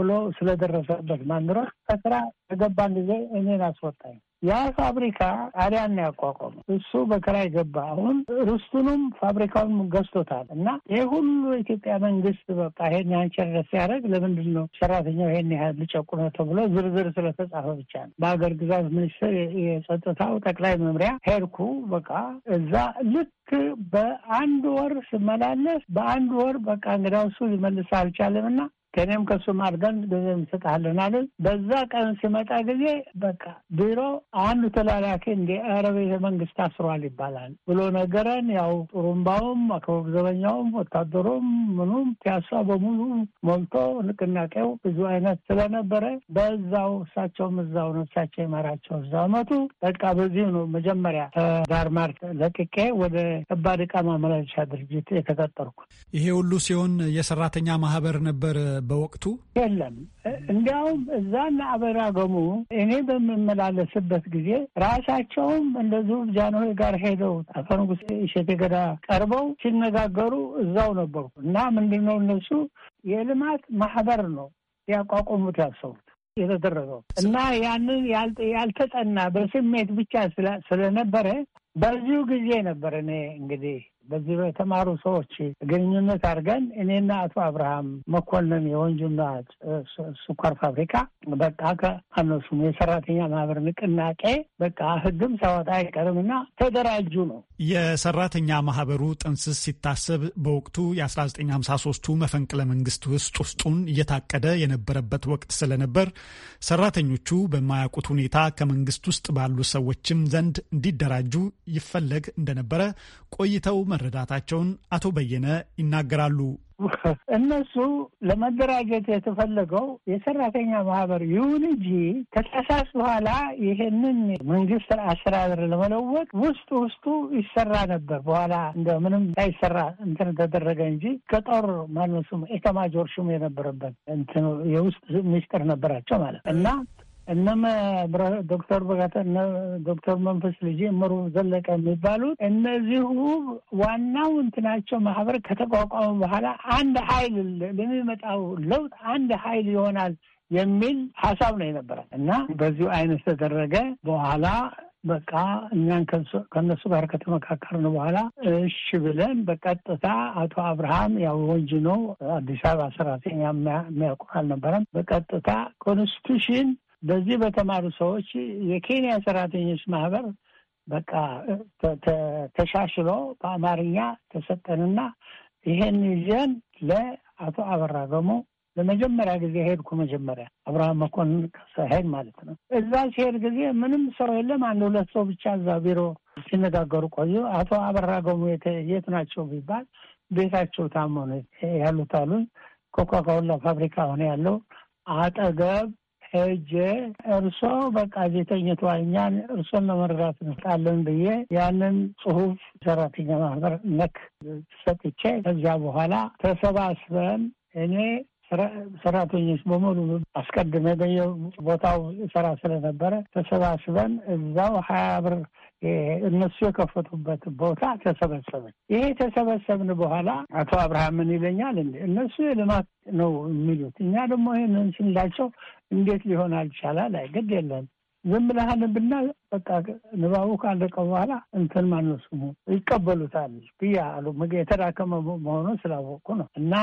ብሎ ስለደረሰበት ማንድሮ ከስራ ከገባን ጊዜ እኔን አስወጣኝ። ያ ፋብሪካ ጣሊያን ነው ያቋቋመው። እሱ በከራ ገባ። አሁን ርስቱንም ፋብሪካውን ገዝቶታል። እና ይህ ሁሉ ኢትዮጵያ መንግስት በቃ ይሄን ያህል ቸርነት ሲያደርግ ለምንድን ነው ሰራተኛው ይሄን ያህል ልጨቁ ነው ተብሎ ዝርዝር ስለተጻፈ ብቻ ነው። በሀገር ግዛት ሚኒስትር የጸጥታው ጠቅላይ መምሪያ ሄድኩ። በቃ እዛ ልክ በአንድ ወር ስመላለስ በአንድ ወር በቃ እንግዳ እሱ ሊመልስ አልቻለም እና ከእኔም ከሱም አድርገን ገንዘብ እንሰጥሃለን አለ። በዛ ቀን ሲመጣ ጊዜ በቃ ቢሮ አንዱ ተላላኪ እንደ ኧረ ቤተ መንግስት አስሯል ይባላል ብሎ ነገረን። ያው ጥሩምባውም፣ አከባቢ ዘበኛውም፣ ወታደሩም ምኑም ፒያሳ በሙሉ ሞልቶ ንቅናቄው ብዙ አይነት ስለነበረ በዛው እሳቸውም እዛው ነው እሳቸው ይመራቸው እዛው መቱ። በቃ በዚህ ነው መጀመሪያ ዳርማር ለቅቄ ወደ ከባድ ዕቃ ማመላለሻ ድርጅት የተቀጠርኩት። ይሄ ሁሉ ሲሆን የሰራተኛ ማህበር ነበር በወቅቱ የለም። እንዲያውም እዛና አበራገሙ እኔ በምመላለስበት ጊዜ ራሳቸውም እንደዚሁ ጃንሆይ ጋር ሄደው አቶ ንጉሴ እሸቴ ገዳ ቀርበው ሲነጋገሩ እዛው ነበሩ እና ምንድን ነው እነሱ የልማት ማህበር ነው ያቋቋሙት ያሰቡት የተደረገው እና ያንን ያልተጠና በስሜት ብቻ ስለነበረ በዚሁ ጊዜ ነበር እኔ እንግዲህ በዚህ በተማሩ ሰዎች ግንኙነት አድርገን እኔና አቶ አብርሃም መኮንን የወንጅና ስኳር ፋብሪካ በቃ ከአነሱም የሰራተኛ ማህበር ንቅናቄ በቃ ህግም ሳወጣ አይቀርምና ተደራጁ ነው። የሰራተኛ ማህበሩ ጥንስስ ሲታሰብ በወቅቱ የ1953ቱ መፈንቅለ መንግስት ውስጥ ውስጡን እየታቀደ የነበረበት ወቅት ስለነበር ሰራተኞቹ በማያውቁት ሁኔታ ከመንግስት ውስጥ ባሉ ሰዎችም ዘንድ እንዲደራጁ ይፈለግ እንደነበረ ቆይተው መረዳታቸውን አቶ በየነ ይናገራሉ። እነሱ ለመደራጀት የተፈለገው የሰራተኛ ማህበር ይሁን እንጂ ከታህሳስ በኋላ ይሄንን መንግስት አስተዳደር ለመለወጥ ውስጥ ውስጡ ይሰራ ነበር። በኋላ እንደ ምንም ሳይሰራ እንትን ተደረገ እንጂ ከጦር ማነሱም ኤታማዦር ሹም የነበረበት የውስጥ ሚስጥር ነበራቸው ማለት እና እነመ ዶክተር በጋተ ዶክተር መንፈስ ልጅ ምሩ ዘለቀ የሚባሉት እነዚሁ ዋናው እንትናቸው ማህበር ከተቋቋመ በኋላ አንድ ሀይል ለሚመጣው ለውጥ አንድ ሀይል ይሆናል የሚል ሀሳብ ነው የነበረ እና በዚሁ አይነት ተደረገ። በኋላ በቃ እኛን ከነሱ ጋር ከተመካከርን በኋላ እሺ ብለን በቀጥታ አቶ አብርሃም ያው ወንጅ ነው አዲስ አበባ ሰራተኛ የሚያውቁ አልነበረም። በቀጥታ ኮንስቲቱሽን በዚህ በተማሩ ሰዎች የኬንያ ሰራተኞች ማህበር በቃ ተሻሽሎ በአማርኛ ተሰጠንና ይሄን ይዘን ለአቶ አበራ ደግሞ ለመጀመሪያ ጊዜ ሄድኩ። መጀመሪያ አብርሃም መኮንን ሄድ ማለት ነው። እዛ ሲሄድ ጊዜ ምንም ሰው የለም። አንድ ሁለት ሰው ብቻ እዛ ቢሮ ሲነጋገሩ ቆዩ። አቶ አበራ ገሙ የት ናቸው ቢባል ቤታቸው ታመኑ ያሉት አሉኝ። ኮካኮላ ፋብሪካ ሆነ ያለው አጠገብ ሄጄ እርሶ በቃ ዜተኝቱ እኛን እርሶን ለመረዳት እንመጣለን ብዬ ያንን ጽሁፍ ሰራተኛ ማህበር ነክ ሰጥቼ ከዚያ በኋላ ተሰባስበን እኔ ሰራተኞች በሙሉ አስቀድሜ በየቦታው ስራ ስለነበረ ተሰባስበን እዛው ሀያ ብር እነሱ የከፈቱበት ቦታ ተሰበሰብን። ይሄ ተሰበሰብን በኋላ አቶ አብርሃምን ይለኛል እንዴ እነሱ የልማት ነው የሚሉት፣ እኛ ደግሞ ይህንን ስንላቸው እንዴት ሊሆን አልቻላል? አይ ግድ የለም ዝም ብናል በቃ ንባቡ ካለቀ በኋላ እንትን ማነው ይቀበሉታል ብያ አሉ። የተዳከመ መሆኑን ስላወቁ ነው። እና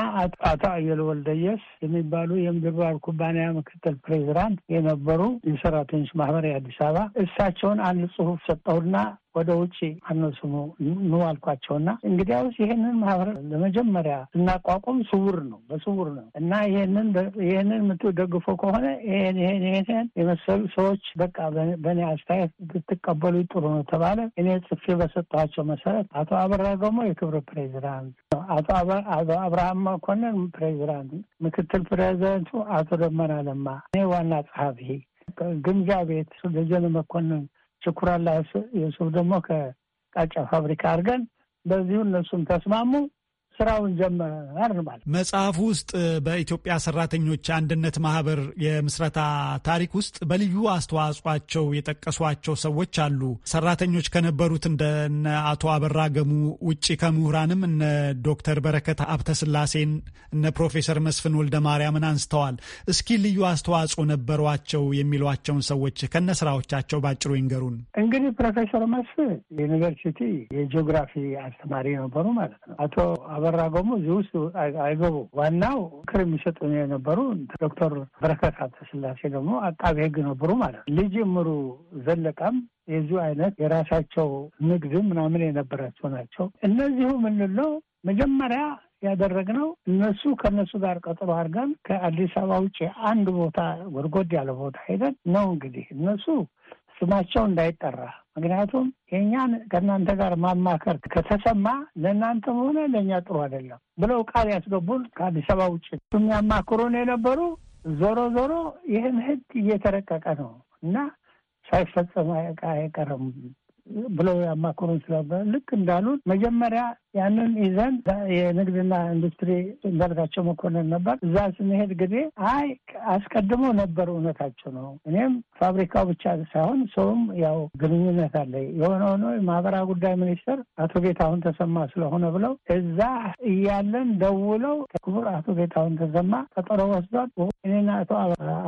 አቶ አየል ወልደየስ የሚባሉ የምድር ኩባንያ ምክትል ፕሬዚዳንት የነበሩ የሰራተኞች ማህበር የአዲስ አበባ እሳቸውን አንድ ጽሁፍ ሰጠሁና ወደ ውጭ አነሱኑ ኑ አልኳቸውና እንግዲያውስ ይህንን ማህበር ለመጀመሪያ ስናቋቁም ስውር ነው በስውር ነው እና ይሄንን ይህንን የምትደግፎ ከሆነ ይህን የመሰሉ ሰዎች በቃ በእኔ አስተያየት ብትቀበሉ ጥሩ ነው ተባለ። እኔ ጽፌ በሰጠኋቸው መሰረት አቶ አበራ ደግሞ የክብር ፕሬዚዳንት፣ አቶ አብርሃም መኮንን ፕሬዚዳንት፣ ምክትል ፕሬዚዳንቱ አቶ ደመና ለማ፣ እኔ ዋና ጸሐፊ ግምጃ ቤት ደጀን መኮንን ችኩራላ የሱፍ ደግሞ ከቃጫ ፋብሪካ አድርገን በዚሁ እነሱም ተስማሙ። ስራውን ጀመር ማለት። መጽሐፍ ውስጥ በኢትዮጵያ ሰራተኞች አንድነት ማህበር የምስረታ ታሪክ ውስጥ በልዩ አስተዋጽኦቸው የጠቀሷቸው ሰዎች አሉ። ሰራተኞች ከነበሩት እንደ አቶ አበራ ገሙ ውጭ ከምሁራንም እነ ዶክተር በረከት ሀብተስላሴን እነ ፕሮፌሰር መስፍን ወልደ ማርያምን አንስተዋል። እስኪ ልዩ አስተዋጽኦ ነበሯቸው የሚሏቸውን ሰዎች ከነ ስራዎቻቸው ባጭሩ ይንገሩን። እንግዲህ ፕሮፌሰር መስፍን ዩኒቨርሲቲ የጂኦግራፊ አስተማሪ ነበሩ ማለት ነው። አቶ አበራ ጎሞ እዚህ ውስጥ አይገቡ። ዋናው ምክር የሚሰጡ የነበሩ ዶክተር በረከት ሀብተስላሴ ደግሞ አቃቤ ሕግ ነበሩ ማለት ነው። ልጅ ምሩ ዘለቃም የዚሁ አይነት የራሳቸው ንግድ ምናምን የነበራቸው ናቸው። እነዚሁ ምንለው መጀመሪያ ያደረግነው እነሱ ከነሱ ጋር ቀጥሮ አድርገን ከአዲስ አበባ ውጭ አንድ ቦታ ጎድጎድ ያለ ቦታ ሄደን ነው እንግዲህ እነሱ ስማቸው እንዳይጠራ ምክንያቱም የእኛን ከእናንተ ጋር ማማከር ከተሰማ ለእናንተም ሆነ ለእኛ ጥሩ አይደለም ብለው ቃል ያስገቡን ከአዲስ አበባ ውጭ የሚያማክሩን የነበሩ ዞሮ ዞሮ ይህን ህግ እየተረቀቀ ነው እና ሳይፈጸም አይቀርም ብለው ያማከሩን ስለ ልክ እንዳሉት መጀመሪያ ያንን ይዘን የንግድና ኢንዱስትሪ እንዳልካቸው መኮንን ነበር። እዛ ስንሄድ ጊዜ አይ አስቀድሞ ነበር እውነታቸው ነው። እኔም ፋብሪካው ብቻ ሳይሆን ሰውም ያው ግንኙነት አለ። የሆነ ሆኖ ማህበራዊ ጉዳይ ሚኒስትር አቶ ጌታሁን ተሰማ ስለሆነ ብለው እዛ እያለን ደውለው ክቡር አቶ ጌታሁን ተሰማ ቀጠሮ ወስዷል። እኔና አቶ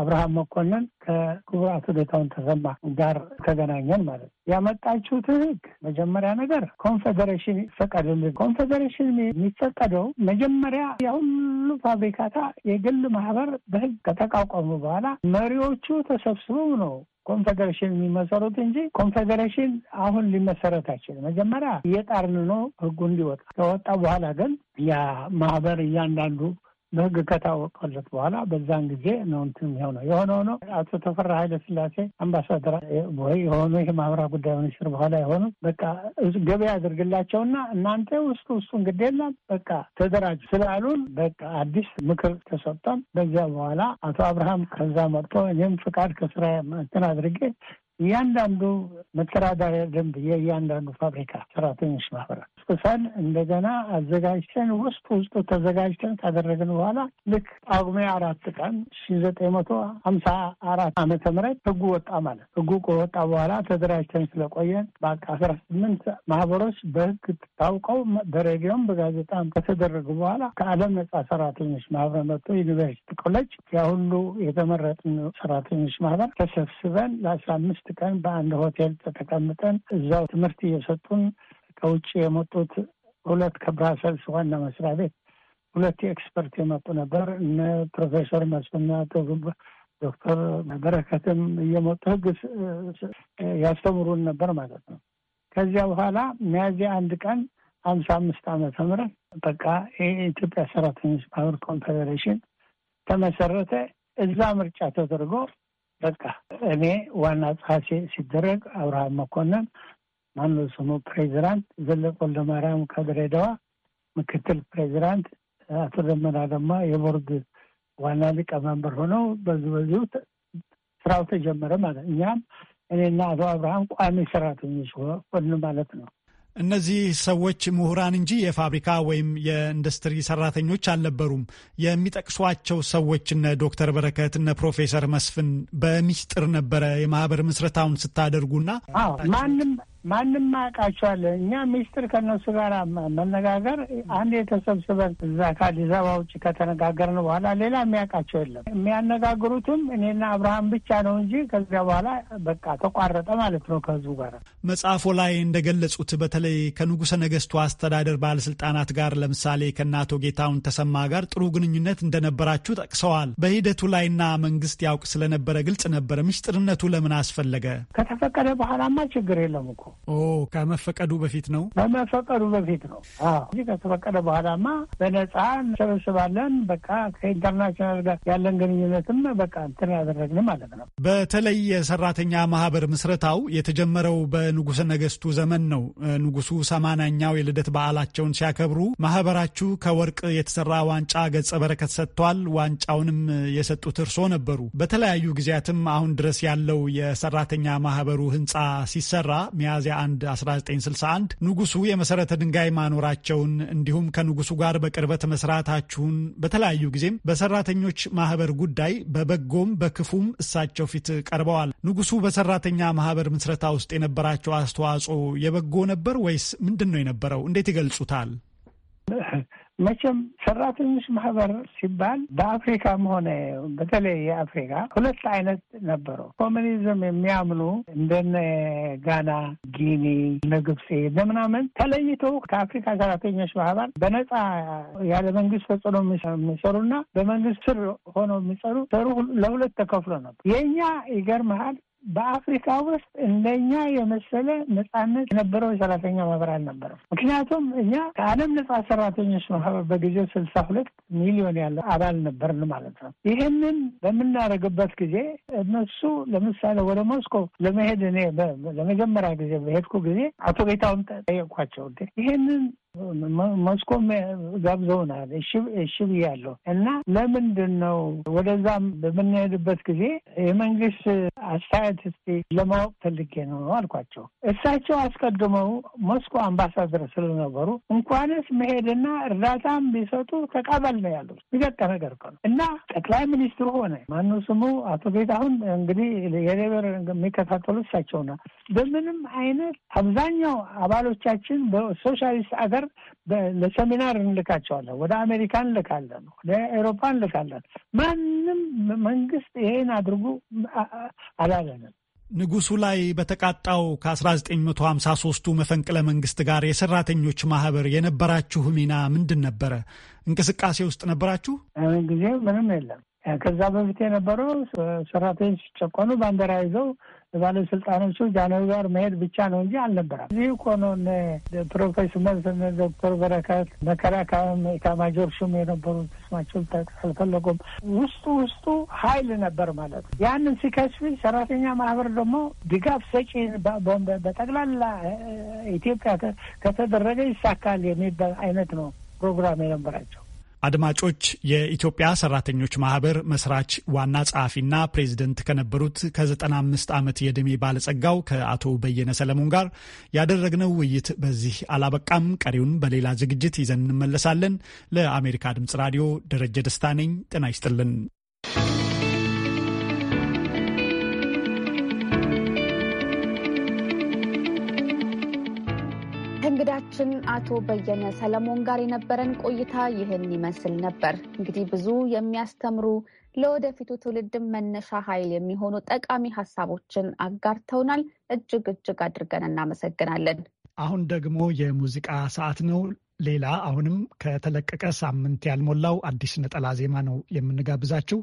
አብርሃም መኮንን ከክቡር አቶ ጌታሁን ተሰማ ጋር ተገናኘን ማለት ያመጣቸው ያላችሁት ህግ መጀመሪያ ነገር ኮንፌዴሬሽን ይፈቀድልን። ኮንፌዴሬሽን የሚፈቀደው መጀመሪያ የሁሉ ፋብሪካታ የግል ማህበር በህግ ከተቋቋሙ በኋላ መሪዎቹ ተሰብስበው ነው ኮንፌዴሬሽን የሚመሰሩት እንጂ ኮንፌዴሬሽን አሁን ሊመሰረት አይችልም። መጀመሪያ እየጣርን ነው ህጉ እንዲወጣ። ከወጣ በኋላ ግን ያ ማህበር እያንዳንዱ በህግ ከታወቀለት በኋላ በዛን ጊዜ ነው እንትን ሆነ። የሆነ ሆኖ አቶ ተፈራ ኃይለ ስላሴ አምባሳደር ወይ የሆኑ ማህበራዊ ጉዳይ ሚኒስትር በኋላ የሆኑ በቃ ገበያ አድርግላቸውና እናንተ ውስጡ ውስጡን ግድ የለም በቃ ተደራጁ ስላሉን በቃ አዲስ ምክር ተሰጥቷል። በዚያ በኋላ አቶ አብርሃም ከዛ መጥቶ እኔም ፍቃድ ከስራ እንትን አድርጌ እያንዳንዱ መተዳደሪያ ደንብ የእያንዳንዱ ፋብሪካ ሰራተኞች ማህበራት ጽፈን እንደገና አዘጋጅተን ውስጥ ውስጡ ተዘጋጅተን ካደረግን በኋላ ልክ ጳጉሜ አራት ቀን ሺ ዘጠኝ መቶ ሀምሳ አራት አመተ ምህረት ህጉ ወጣ ማለት ህጉ ከወጣ በኋላ ተደራጅተን ስለቆየን በቃ አስራ ስምንት ማህበሮች በህግ ታውቀው በሬዲዮም በጋዜጣም ከተደረጉ በኋላ ከዓለም ነጻ ሰራተኞች ማህበር መጥቶ ዩኒቨርሲቲ ኮሌጅ ያሁሉ የተመረጥን ሰራተኞች ማህበር ተሰብስበን ለአስራ አምስት ሶስት ቀን በአንድ ሆቴል ተቀምጠን እዛው ትምህርት እየሰጡን ከውጭ የመጡት ሁለት ከብራሰልስ ዋና መስሪያ ቤት ሁለት ኤክስፐርት የመጡ ነበር። እነ ፕሮፌሰር መስና ዶክተር በረከትም እየመጡ ህግ ያስተምሩን ነበር ማለት ነው። ከዚያ በኋላ ሚያዝያ አንድ ቀን ሀምሳ አምስት ዓመተ ምህረት በቃ የኢትዮጵያ ሰራተኞች ማህበር ኮንፌዴሬሽን ተመሰረተ። እዛ ምርጫ ተደርጎ በቃ እኔ ዋና ጸሐፊ ሲደረግ አብርሃም መኮንን ማነው ስሙ ፕሬዚዳንት፣ ዘለቀ ማርያም ከድሬዳዋ ምክትል ፕሬዚዳንት፣ አቶ ደመና ደማ የቦርድ ዋና ሊቀመንበር ሆነው በዚ በዚሁ ስራው ተጀመረ ማለት እኛም እኔና አቶ አብርሃም ቋሚ ሰራተኞች ሆን ማለት ነው። እነዚህ ሰዎች ምሁራን እንጂ የፋብሪካ ወይም የኢንዱስትሪ ሰራተኞች አልነበሩም። የሚጠቅሷቸው ሰዎች እነ ዶክተር በረከት እነ ፕሮፌሰር መስፍን በሚስጥር ነበረ የማህበር ምስረታውን ስታደርጉና ማንም ማንም አውቃቸዋለን። እኛ ሚስጥር ከነሱ ጋር መነጋገር አንድ የተሰብስበን እዛ ከአዲስ አበባ ውጭ ከተነጋገርን በኋላ ሌላ የሚያውቃቸው የለም። የሚያነጋግሩትም እኔና አብርሃም ብቻ ነው እንጂ ከዚያ በኋላ በቃ ተቋረጠ ማለት ነው ከህዝቡ ጋር። መጽሐፎ ላይ እንደገለጹት በተለይ ከንጉሰ ነገስቱ አስተዳደር ባለስልጣናት ጋር ለምሳሌ ከእነ አቶ ጌታሁን ተሰማ ጋር ጥሩ ግንኙነት እንደነበራችሁ ጠቅሰዋል። በሂደቱ ላይና መንግስት ያውቅ ስለነበረ ግልጽ ነበረ። ምስጢርነቱ ለምን አስፈለገ? ከተፈቀደ በኋላማ ችግር የለም እኮ ከመፈቀዱ በፊት ነው። ከመፈቀዱ በፊት ነው እንጂ ከተፈቀደ በኋላማ በነፃ እንሰበስባለን። በቃ ከኢንተርናሽናል ጋር ያለን ግንኙነትም በቃ እንትን ያደረግን ማለት ነው። በተለይ የሰራተኛ ማህበር ምስረታው የተጀመረው በንጉሰ ነገስቱ ዘመን ነው። ንጉሱ ሰማናኛው የልደት በዓላቸውን ሲያከብሩ ማህበራችሁ ከወርቅ የተሰራ ዋንጫ ገጸ በረከት ሰጥቷል። ዋንጫውንም የሰጡት እርሶ ነበሩ። በተለያዩ ጊዜያትም አሁን ድረስ ያለው የሰራተኛ ማህበሩ ህንፃ ሲሰራ ሚያዝ ሚያዝያ 1 1961 ንጉሱ የመሰረተ ድንጋይ ማኖራቸውን እንዲሁም ከንጉሱ ጋር በቅርበት መስራታችሁን በተለያዩ ጊዜም በሰራተኞች ማህበር ጉዳይ በበጎም በክፉም እሳቸው ፊት ቀርበዋል። ንጉሱ በሰራተኛ ማህበር ምስረታ ውስጥ የነበራቸው አስተዋጽኦ የበጎ ነበር ወይስ ምንድን ነው የነበረው? እንዴት ይገልጹታል? መቼም ሰራተኞች ማህበር ሲባል በአፍሪካም ሆነ በተለይ የአፍሪካ ሁለት አይነት ነበረው። ኮሚኒዝም የሚያምኑ እንደነ ጋና፣ ጊኒ፣ እነ ግብፅ እንደምናምን ተለይተው ከአፍሪካ ሰራተኞች ማህበር በነፃ ያለ መንግስት ተጽዕኖ የሚሰሩና በመንግስት ስር ሆነው የሚሰሩ ሰሩ ለሁለት ተከፍሎ ነበር። የእኛ ይገርመሃል በአፍሪካ ውስጥ እንደኛ የመሰለ ነጻነት የነበረው የሰራተኛ ማህበር አልነበረም። ምክንያቱም እኛ ከዓለም ነጻ ሰራተኞች ማህበር በጊዜው ስልሳ ሁለት ሚሊዮን ያለ አባል ነበርን ማለት ነው። ይህንን በምናደርግበት ጊዜ እነሱ ለምሳሌ ወደ ሞስኮ ለመሄድ እኔ ለመጀመሪያ ጊዜ በሄድኩ ጊዜ አቶ ጌታውን ጠየቅኳቸው። ይህንን መስኮም ጋብዘውናል። እሽብ እያለሁ እና ለምንድን ነው ወደዛም በምንሄድበት ጊዜ የመንግስት አስተያየት እስኪ ለማወቅ ፈልጌ ነው አልኳቸው። እሳቸው አስቀድመው ሞስኮ አምባሳደር ስለነበሩ እንኳንስ መሄድና እርዳታም ቢሰጡ ተቀበል ነው ያሉት። ሚገጠ ነገር ከ እና ጠቅላይ ሚኒስትሩ ሆነ ማኑ ስሙ አቶ ጌታሁን እንግዲህ የሌበር የሚከታተሉ እሳቸው ና በምንም አይነት አብዛኛው አባሎቻችን በሶሻሊስት አገር ነገር ለሰሚናር እንልካቸዋለን፣ ወደ አሜሪካ እንልካለን፣ ወደ ኤሮፓ እንልካለን። ማንም መንግስት ይሄን አድርጉ አላለንም። ንጉሱ ላይ በተቃጣው ከ 1953 መፈንቅለ መንግስት ጋር የሰራተኞች ማህበር የነበራችሁ ሚና ምንድን ነበረ? እንቅስቃሴ ውስጥ ነበራችሁ? ጊዜ ምንም የለም። ከዛ በፊት የነበረው ሰራተኞች ሲጨቆኑ ባንዲራ ይዘው ባለስልጣኖቹ ጃንሆይ ጋር መሄድ ብቻ ነው እንጂ አልነበረም። እዚህ እኮ ነው ፕሮፌሰር መስፍን ዶክተር በረከት መከላከያ ኤታማዦር ሹም የነበሩት ስማቸው አልፈለጉም። ውስጡ ውስጡ ኃይል ነበር ማለት ነው። ያንን ሲከስፍ ሰራተኛ ማህበር ደግሞ ድጋፍ ሰጪ በጠቅላላ ኢትዮጵያ ከተደረገ ይሳካል የሚባል አይነት ነው ፕሮግራም የነበራቸው። አድማጮች የኢትዮጵያ ሰራተኞች ማህበር መስራች ዋና ጸሐፊና ፕሬዚደንት ከነበሩት ከ95 ዓመት የዕድሜ ባለጸጋው ከአቶ በየነ ሰለሞን ጋር ያደረግነው ውይይት በዚህ አላበቃም። ቀሪውን በሌላ ዝግጅት ይዘን እንመለሳለን። ለአሜሪካ ድምጽ ራዲዮ ደረጀ ደስታ ነኝ። ጤና ይስጥልን። ባልደረባችን አቶ በየነ ሰለሞን ጋር የነበረን ቆይታ ይህን ይመስል ነበር። እንግዲህ ብዙ የሚያስተምሩ ለወደፊቱ ትውልድም መነሻ ኃይል የሚሆኑ ጠቃሚ ሀሳቦችን አጋርተውናል። እጅግ እጅግ አድርገን እናመሰግናለን። አሁን ደግሞ የሙዚቃ ሰዓት ነው። ሌላ አሁንም ከተለቀቀ ሳምንት ያልሞላው አዲስ ነጠላ ዜማ ነው የምንጋብዛችው።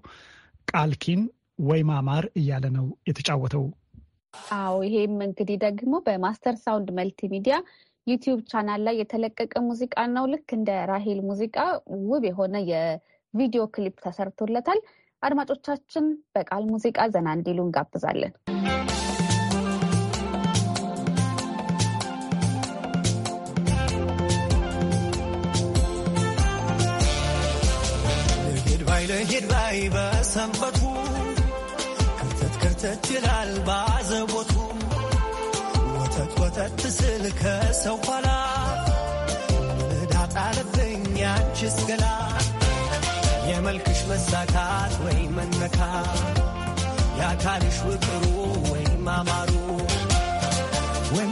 ቃልኪን ወይ ማማር እያለ ነው የተጫወተው። አዎ ይሄም እንግዲህ ደግሞ በማስተር ሳውንድ መልቲ ሚዲያ ዩቲዩብ ቻናል ላይ የተለቀቀ ሙዚቃ ነው። ልክ እንደ ራሄል ሙዚቃ ውብ የሆነ የቪዲዮ ክሊፕ ተሰርቶለታል። አድማጮቻችን በቃል ሙዚቃ ዘና እንዲሉ እንጋብዛለን። ለሄድ ባይ በሰንበቱ ክርተት ይላል ባዘቦ ቀጥ ስል ከሰው ኋላ እዳጣ አለፈኝ አንቺስ ገላ የመልክሽ መሳካት ወይ መነካ የአካልሽ ውቅሩ ወይ ማማሩ ወይ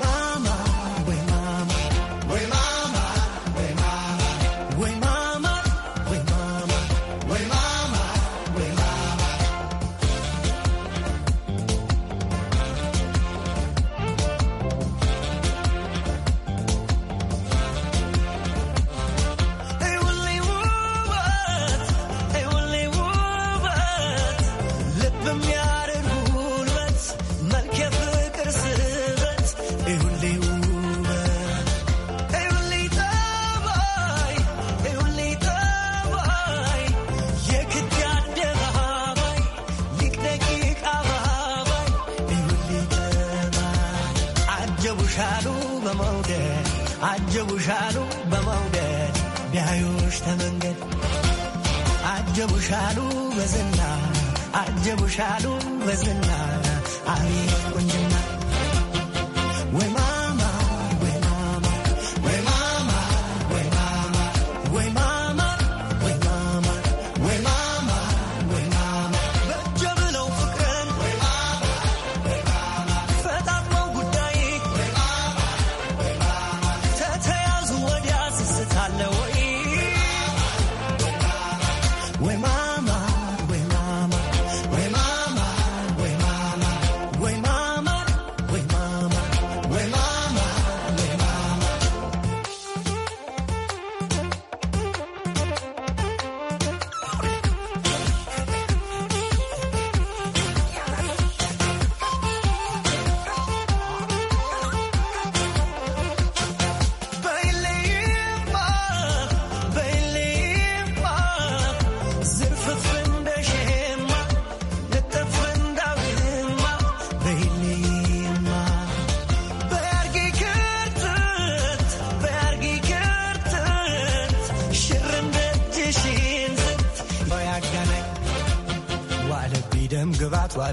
አጀቡሻሉ በመውደድ ቢያዩሽ ተመንገድ አጀቡሻሉ በዝና አጀቡሻሉ በዝና አቤት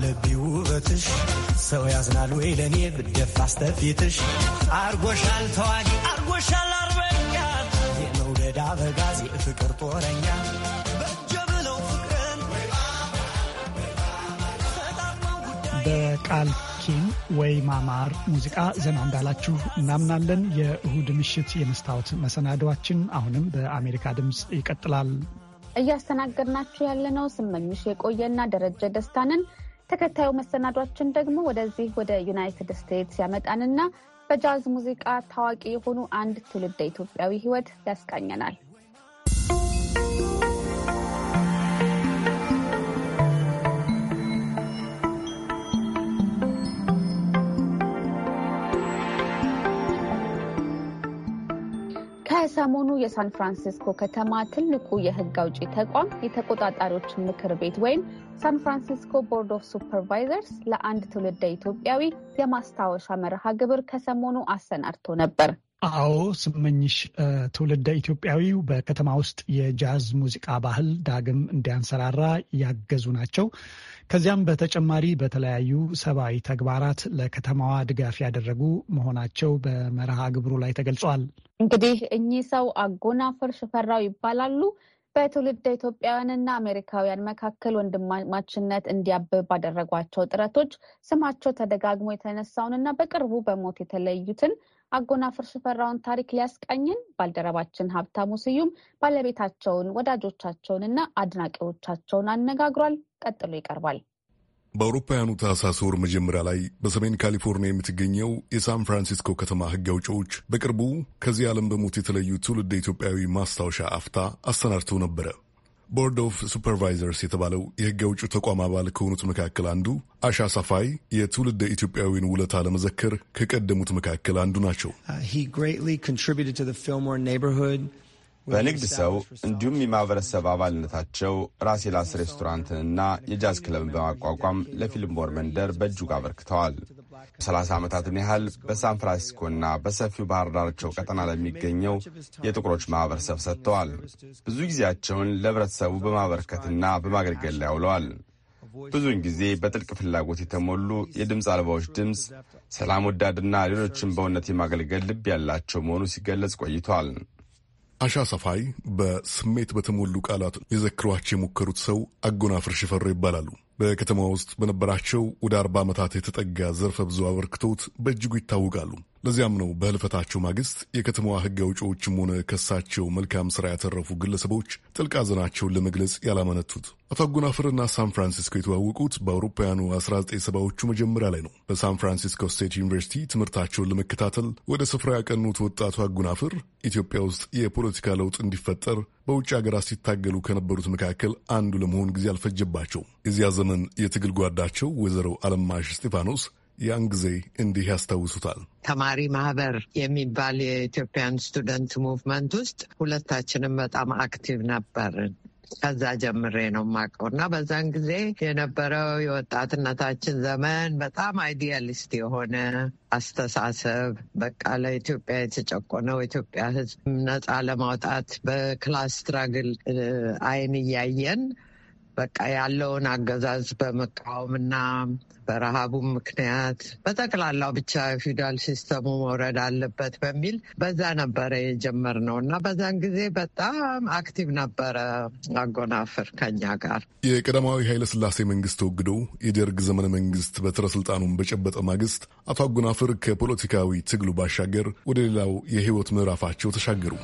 አለቢ ውበትሽ ሰው ያዝናል ወይ ለእኔ ብደፋ አስተፊትሽ አርጎሻል ተዋጊ አርጎሻል አርበኛ የመውደድ አበጋዝ የፍቅር ጦረኛ በቃል ኪን ወይ ማማር ሙዚቃ ዘና እንዳላችሁ እናምናለን። የእሁድ ምሽት የመስታወት መሰናዶችን አሁንም በአሜሪካ ድምፅ ይቀጥላል። እያስተናገድናችሁ ያለነው ስመኝሽ የቆየና ደረጀ ደስታንን ተከታዩ መሰናዷችን ደግሞ ወደዚህ ወደ ዩናይትድ ስቴትስ ያመጣንና በጃዝ ሙዚቃ ታዋቂ የሆኑ አንድ ትውልደ ኢትዮጵያዊ ህይወት ያስቃኘናል። ከሰሞኑ የሳን ፍራንሲስኮ ከተማ ትልቁ የህግ አውጪ ተቋም የተቆጣጣሪዎች ምክር ቤት ወይም ሳን ፍራንሲስኮ ቦርድ ኦፍ ሱፐርቫይዘርስ ለአንድ ትውልደ ኢትዮጵያዊ የማስታወሻ መርሃ ግብር ከሰሞኑ አሰናድቶ ነበር። አዎ ስመኝሽ፣ ትውልደ ኢትዮጵያዊው በከተማ ውስጥ የጃዝ ሙዚቃ ባህል ዳግም እንዲያንሰራራ ያገዙ ናቸው። ከዚያም በተጨማሪ በተለያዩ ሰብአዊ ተግባራት ለከተማዋ ድጋፍ ያደረጉ መሆናቸው በመርሃ ግብሩ ላይ ተገልጿል። እንግዲህ እኚህ ሰው አጎናፍር ሽፈራው ይባላሉ። በትውልደ ኢትዮጵያውያንና አሜሪካውያን መካከል ወንድማማችነት እንዲያብብ ባደረጓቸው ጥረቶች ስማቸው ተደጋግሞ እና በቅርቡ በሞት የተለዩትን አጎናፍር ሽፈራውን ታሪክ ሊያስቃኝን ባልደረባችን ሀብታሙ ስዩም ባለቤታቸውን ወዳጆቻቸውንና አድናቂዎቻቸውን አነጋግሯል። ቀጥሎ ይቀርባል። በአውሮፓውያኑ ታህሳስ ወር መጀመሪያ ላይ በሰሜን ካሊፎርኒያ የምትገኘው የሳን ፍራንሲስኮ ከተማ ሕግ አውጪዎች በቅርቡ ከዚህ ዓለም በሞት የተለዩ ትውልድ ኢትዮጵያዊ ማስታወሻ አፍታ አሰናድተው ነበረ። ቦርድ ኦፍ ሱፐርቫይዘርስ የተባለው የህግ አውጪ ተቋም አባል ከሆኑት መካከል አንዱ አሻ ሰፋይ የትውልደ ኢትዮጵያዊን ውለታ ለመዘከር ከቀደሙት መካከል አንዱ ናቸው። uh, በንግድ ሰው እንዲሁም የማህበረሰብ አባልነታቸው ራሴላስ ሬስቶራንትንና የጃዝ ክለብን በማቋቋም ለፊልም ቦር መንደር በእጅጉ አበርክተዋል። በሰላሳ ዓመታት ዓመታትን ያህል በሳን ፍራንሲስኮና በሰፊው ባህር ዳርቻው ቀጠና ለሚገኘው የጥቁሮች ማህበረሰብ ሰጥተዋል። ብዙ ጊዜያቸውን ለህብረተሰቡ በማበረከትና በማገልገል ላይ አውለዋል። ብዙውን ጊዜ በጥልቅ ፍላጎት የተሞሉ የድምፅ አልባዎች ድምፅ፣ ሰላም ወዳድና ሌሎችን በእውነት የማገልገል ልብ ያላቸው መሆኑ ሲገለጽ ቆይቷል። አሻ ሰፋይ በስሜት በተሞሉ ቃላት ሊዘክሯቸው የሞከሩት ሰው አጎናፍር ሽፈሮ ይባላሉ። በከተማ ውስጥ በነበራቸው ወደ አርባ ዓመታት የተጠጋ ዘርፈ ብዙ አበርክቶት በእጅጉ ይታወቃሉ። ለዚያም ነው በህልፈታቸው ማግስት የከተማዋ ህግ አውጪዎችም ሆነ ከሳቸው መልካም ስራ ያተረፉ ግለሰቦች ጥልቅ ሐዘናቸውን ለመግለጽ ያላመነቱት። አቶ አጎናፍርና ሳን ፍራንሲስኮ የተዋወቁት በአውሮፓውያኑ 1970ዎቹ መጀመሪያ ላይ ነው። በሳን ፍራንሲስኮ ስቴት ዩኒቨርሲቲ ትምህርታቸውን ለመከታተል ወደ ስፍራ ያቀኑት ወጣቱ አጎናፍር ኢትዮጵያ ውስጥ የፖለቲካ ለውጥ እንዲፈጠር በውጭ ሀገራት ሲታገሉ ከነበሩት መካከል አንዱ ለመሆን ጊዜ አልፈጀባቸውም። የዚያ ዘመን የትግል ጓዳቸው ወይዘሮ አለማሽ እስጢፋኖስ ያን ጊዜ እንዲህ ያስታውሱታል። ተማሪ ማህበር የሚባል የኢትዮጵያን ስቱደንት ሙቭመንት ውስጥ ሁለታችንም በጣም አክቲቭ ነበርን። ከዛ ጀምሬ ነው የማውቀው እና በዛን ጊዜ የነበረው የወጣትነታችን ዘመን በጣም አይዲያሊስት የሆነ አስተሳሰብ በቃ ለኢትዮጵያ የተጨቆነው ኢትዮጵያ ሕዝብ ነፃ ለማውጣት በክላስ ስትራግል አይን እያየን በቃ ያለውን አገዛዝ በመቃወምና በረሃቡ ምክንያት በጠቅላላው ብቻ ፊውዳል ሲስተሙ መውረድ አለበት በሚል በዛ ነበረ የጀመርነው እና በዛን ጊዜ በጣም አክቲቭ ነበረ አጎናፍር ከኛ ጋር። የቀዳማዊ ኃይለ ስላሴ መንግስት ተወግዶ የደርግ ዘመነ መንግስት በትረ ስልጣኑን በጨበጠ ማግስት አቶ አጎናፍር ከፖለቲካዊ ትግሉ ባሻገር ወደ ሌላው የህይወት ምዕራፋቸው ተሻገሩ።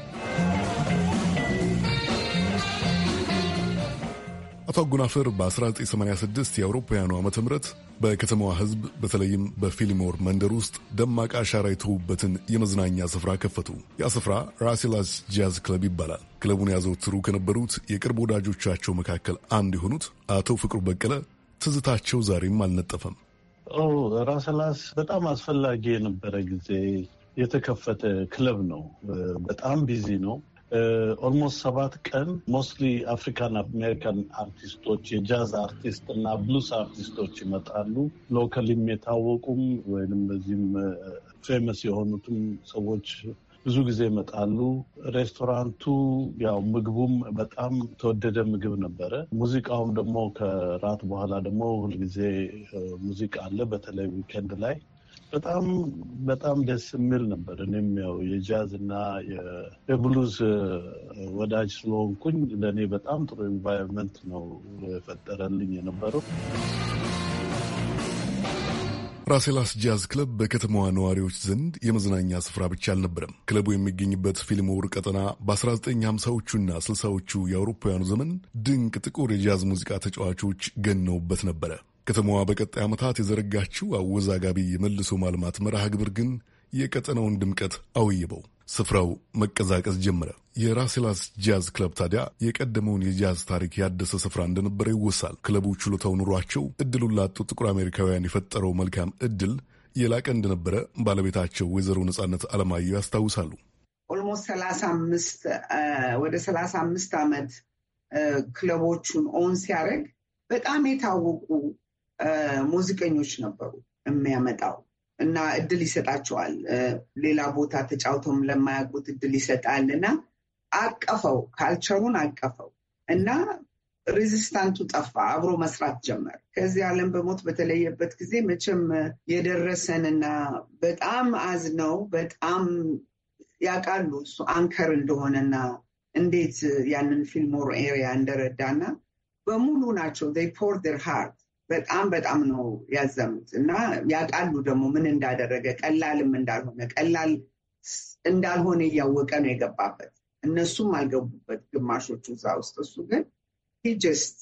አቶ አጎናፍር በ1986 የአውሮፓውያኑ ዓመተ ምህረት በከተማዋ ሕዝብ በተለይም በፊሊሞር መንደር ውስጥ ደማቅ አሻራ የተዉበትን የመዝናኛ ስፍራ ከፈቱ። ያ ስፍራ ራሴላስ ጃዝ ክለብ ይባላል። ክለቡን ያዘወትሩ ከነበሩት የቅርብ ወዳጆቻቸው መካከል አንድ የሆኑት አቶ ፍቅሩ በቀለ ትዝታቸው ዛሬም አልነጠፈም። ራሰላስ በጣም አስፈላጊ የነበረ ጊዜ የተከፈተ ክለብ ነው። በጣም ቢዚ ነው። ኦልሞስት ሰባት ቀን ሞስትሊ አፍሪካን አሜሪካን አርቲስቶች የጃዝ አርቲስት እና ብሉስ አርቲስቶች ይመጣሉ። ሎከሊም የታወቁም ወይም በዚህም ፌመስ የሆኑትም ሰዎች ብዙ ጊዜ ይመጣሉ። ሬስቶራንቱ ያው ምግቡም በጣም ተወደደ ምግብ ነበረ። ሙዚቃውም ደግሞ ከራት በኋላ ደግሞ ሁልጊዜ ሙዚቃ አለ፣ በተለይ ዊኬንድ ላይ በጣም በጣም ደስ የሚል ነበር። እኔም ያው የጃዝ እና የብሉዝ ወዳጅ ስለሆንኩኝ ለእኔ በጣም ጥሩ ኤንቫይሮንመንት ነው የፈጠረልኝ የነበረው። ራሴላስ ጃዝ ክለብ በከተማዋ ነዋሪዎች ዘንድ የመዝናኛ ስፍራ ብቻ አልነበረም። ክለቡ የሚገኝበት ፊልሞር ቀጠና በ1950ዎቹና 60ዎቹ የአውሮፓውያኑ ዘመን ድንቅ ጥቁር የጃዝ ሙዚቃ ተጫዋቾች ገነውበት ነበረ። ከተማዋ በቀጣይ ዓመታት የዘረጋችው አወዛጋቢ የመልሶ ማልማት መርሃ ግብር ግን የቀጠናውን ድምቀት አውይበው ስፍራው መቀዛቀዝ ጀመረ። የራሴላስ ጃዝ ክለብ ታዲያ የቀደመውን የጃዝ ታሪክ ያደሰ ስፍራ እንደነበረ ይወሳል። ክለቡ ችሎታው ኑሯቸው እድሉን ላጡ ጥቁር አሜሪካውያን የፈጠረው መልካም እድል የላቀ እንደነበረ ባለቤታቸው ወይዘሮ ነጻነት አለማየሁ ያስታውሳሉ። ኦልሞስት ሰላሳ አምስት ወደ ሰላሳ አምስት ዓመት ክለቦቹን ኦን ሲያደርግ በጣም የታወቁ ሙዚቀኞች ነበሩ የሚያመጣው እና እድል ይሰጣቸዋል። ሌላ ቦታ ተጫውተውም ለማያውቁት እድል ይሰጣል እና አቀፈው፣ ካልቸሩን አቀፈው እና ሬዚስታንቱ ጠፋ። አብሮ መስራት ጀመር። ከዚህ ዓለም በሞት በተለየበት ጊዜ መቼም የደረሰንና በጣም አዝነው በጣም ያውቃሉ እሱ አንከር እንደሆነና እንዴት ያንን ፊልሞር ኤሪያ እንደረዳና በሙሉ ናቸው ፖር ር ሃርት በጣም በጣም ነው ያዘኑት እና ያውቃሉ ደግሞ ምን እንዳደረገ ቀላልም እንዳልሆነ ቀላል እንዳልሆነ እያወቀ ነው የገባበት። እነሱም አልገቡበት ግማሾቹ እዛ ውስጥ። እሱ ግን ጀስት